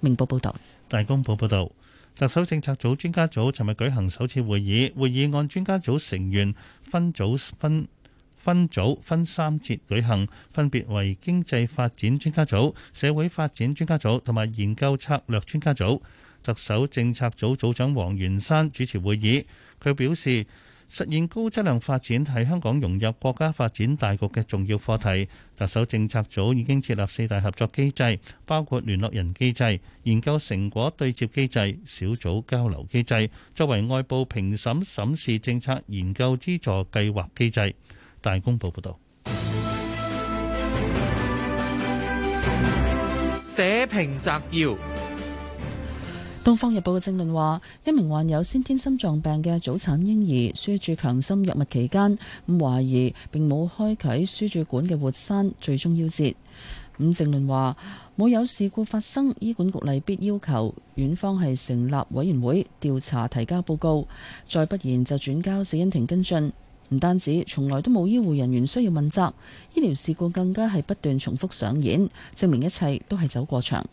明報報道，大公報報道。特首政策組專家組尋日舉行首次會議，會議按專家組成員分組分分組分三節舉行，分別為經濟發展專家組、社會發展專家組同埋研究策略專家組。特首政策組組組長黃元山主持會議，佢表示。實現高質量發展係香港融入國家發展大局嘅重要課題。特首政策組已經設立四大合作機制，包括聯絡人機制、研究成果對接機制、小組交流機制，作為外部評審審視政策研究資助計劃機制。大公報報道，社評摘要。《東方日報》嘅正論話，一名患有先天心臟病嘅早產嬰兒輸注強心藥物期間，咁懷疑並冇開啟輸注管嘅活栓，最終夭折。咁正論話冇有事故發生，醫管局例必要求院方係成立委員會調查，提交報告。再不然就轉交死因庭跟進。唔單止從來都冇醫護人員需要問責，醫療事故更加係不斷重複上演，證明一切都係走過場。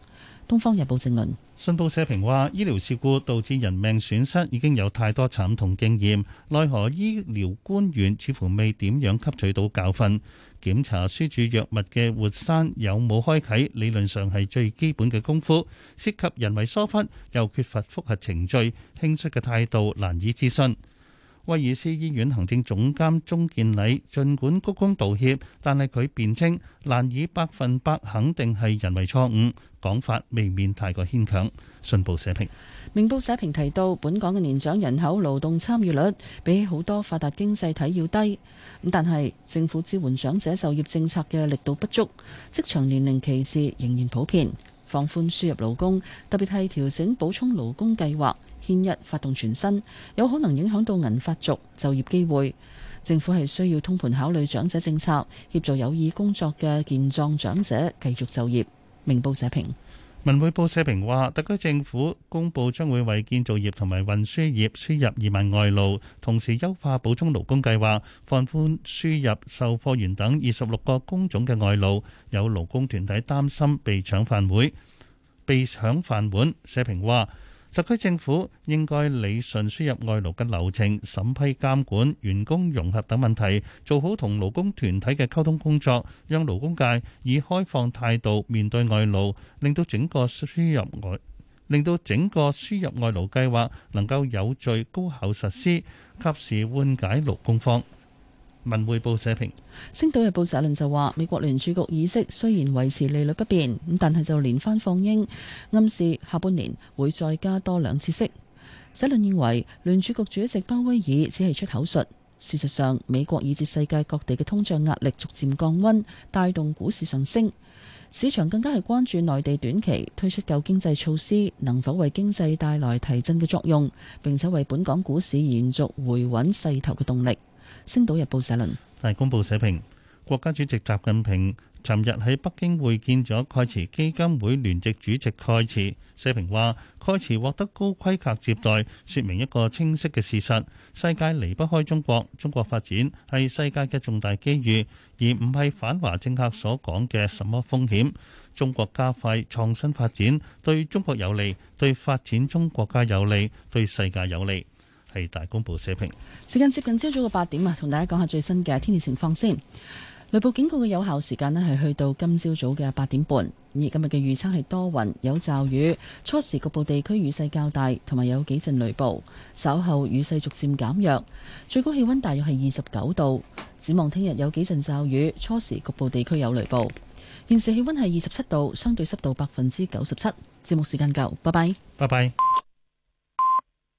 《東方日報》正論：信報社評話，醫療事故導致人命損失已經有太多慘痛經驗，奈何醫療官員似乎未點樣吸取到教訓？檢查輸注藥物嘅活栓有冇開啓，理論上係最基本嘅功夫，涉及人為疏忽又缺乏複核程序，輕率嘅態度難以置信。威爾斯醫院行政總監鍾建禮，儘管鞠躬道歉，但係佢辯稱難以百分百肯定係人為錯誤，講法未免太過牽強。信報社評，明報社評提到，本港嘅年長人口勞動參與率比起好多發達經濟體要低，咁但係政府支援長者就業政策嘅力度不足，職場年齡歧視仍然普遍，放寬輸入勞工，特別係調整補充勞工計劃。天一發動全身，有可能影響到銀發族就業機會。政府係需要通盤考慮長者政策，協助有意工作嘅健壯長者繼續就業。明報社評，文匯報社評話，特區政府公布將會為建造業同埋運輸業輸入二萬外勞，同時優化補充勞工計劃，放寬輸入售貨員等二十六個工種嘅外勞。有勞工團體擔心被搶飯碗，被搶飯碗。社評話。特區政府應該理順輸入外勞嘅流程、審批監管、員工融合等問題，做好同勞工團體嘅溝通工作，讓勞工界以開放態度面對外勞，令到整個輸入外，令到整個輸入外勞計劃能夠有序高效實施，及時緩解勞工方。文匯報社評，《星島日報》社論就話，美國聯儲局議息，雖然維持利率不變，咁但係就連番放鷹，暗示下半年會再加多兩次息。社論認為，聯儲局主席鮑威爾只係出口術，事實上，美國以至世界各地嘅通脹壓力逐漸降溫，帶動股市上升。市場更加係關注內地短期推出救經濟措施能否為經濟帶來提振嘅作用，並且為本港股市延續回穩勢頭嘅動力。《星島日報》社論，大公報社評：國家主席習近平尋日喺北京會見咗蓋茨基金會聯席主席蓋茨。社評話，蓋茨獲得高規格接待，說明一個清晰嘅事實：世界離不開中國，中國發展係世界嘅重大機遇，而唔係反華政客所講嘅什麼風險。中國加快創新發展，對中國有利，對發展中國家有利，對世界有利。大公報社評。時間接近朝早嘅八點啊，同大家講下最新嘅天氣情況先。雷暴警告嘅有效時間咧係去到今朝早嘅八點半。而今日嘅預測係多雲，有驟雨，初時局部地區雨勢較大，同埋有幾陣雷暴。稍後雨勢逐漸減弱，最高氣溫大約係二十九度。展望聽日有幾陣驟雨，初時局部地區有雷暴。現時氣溫係二十七度，相對濕度百分之九十七。節目時間夠，拜拜，拜拜。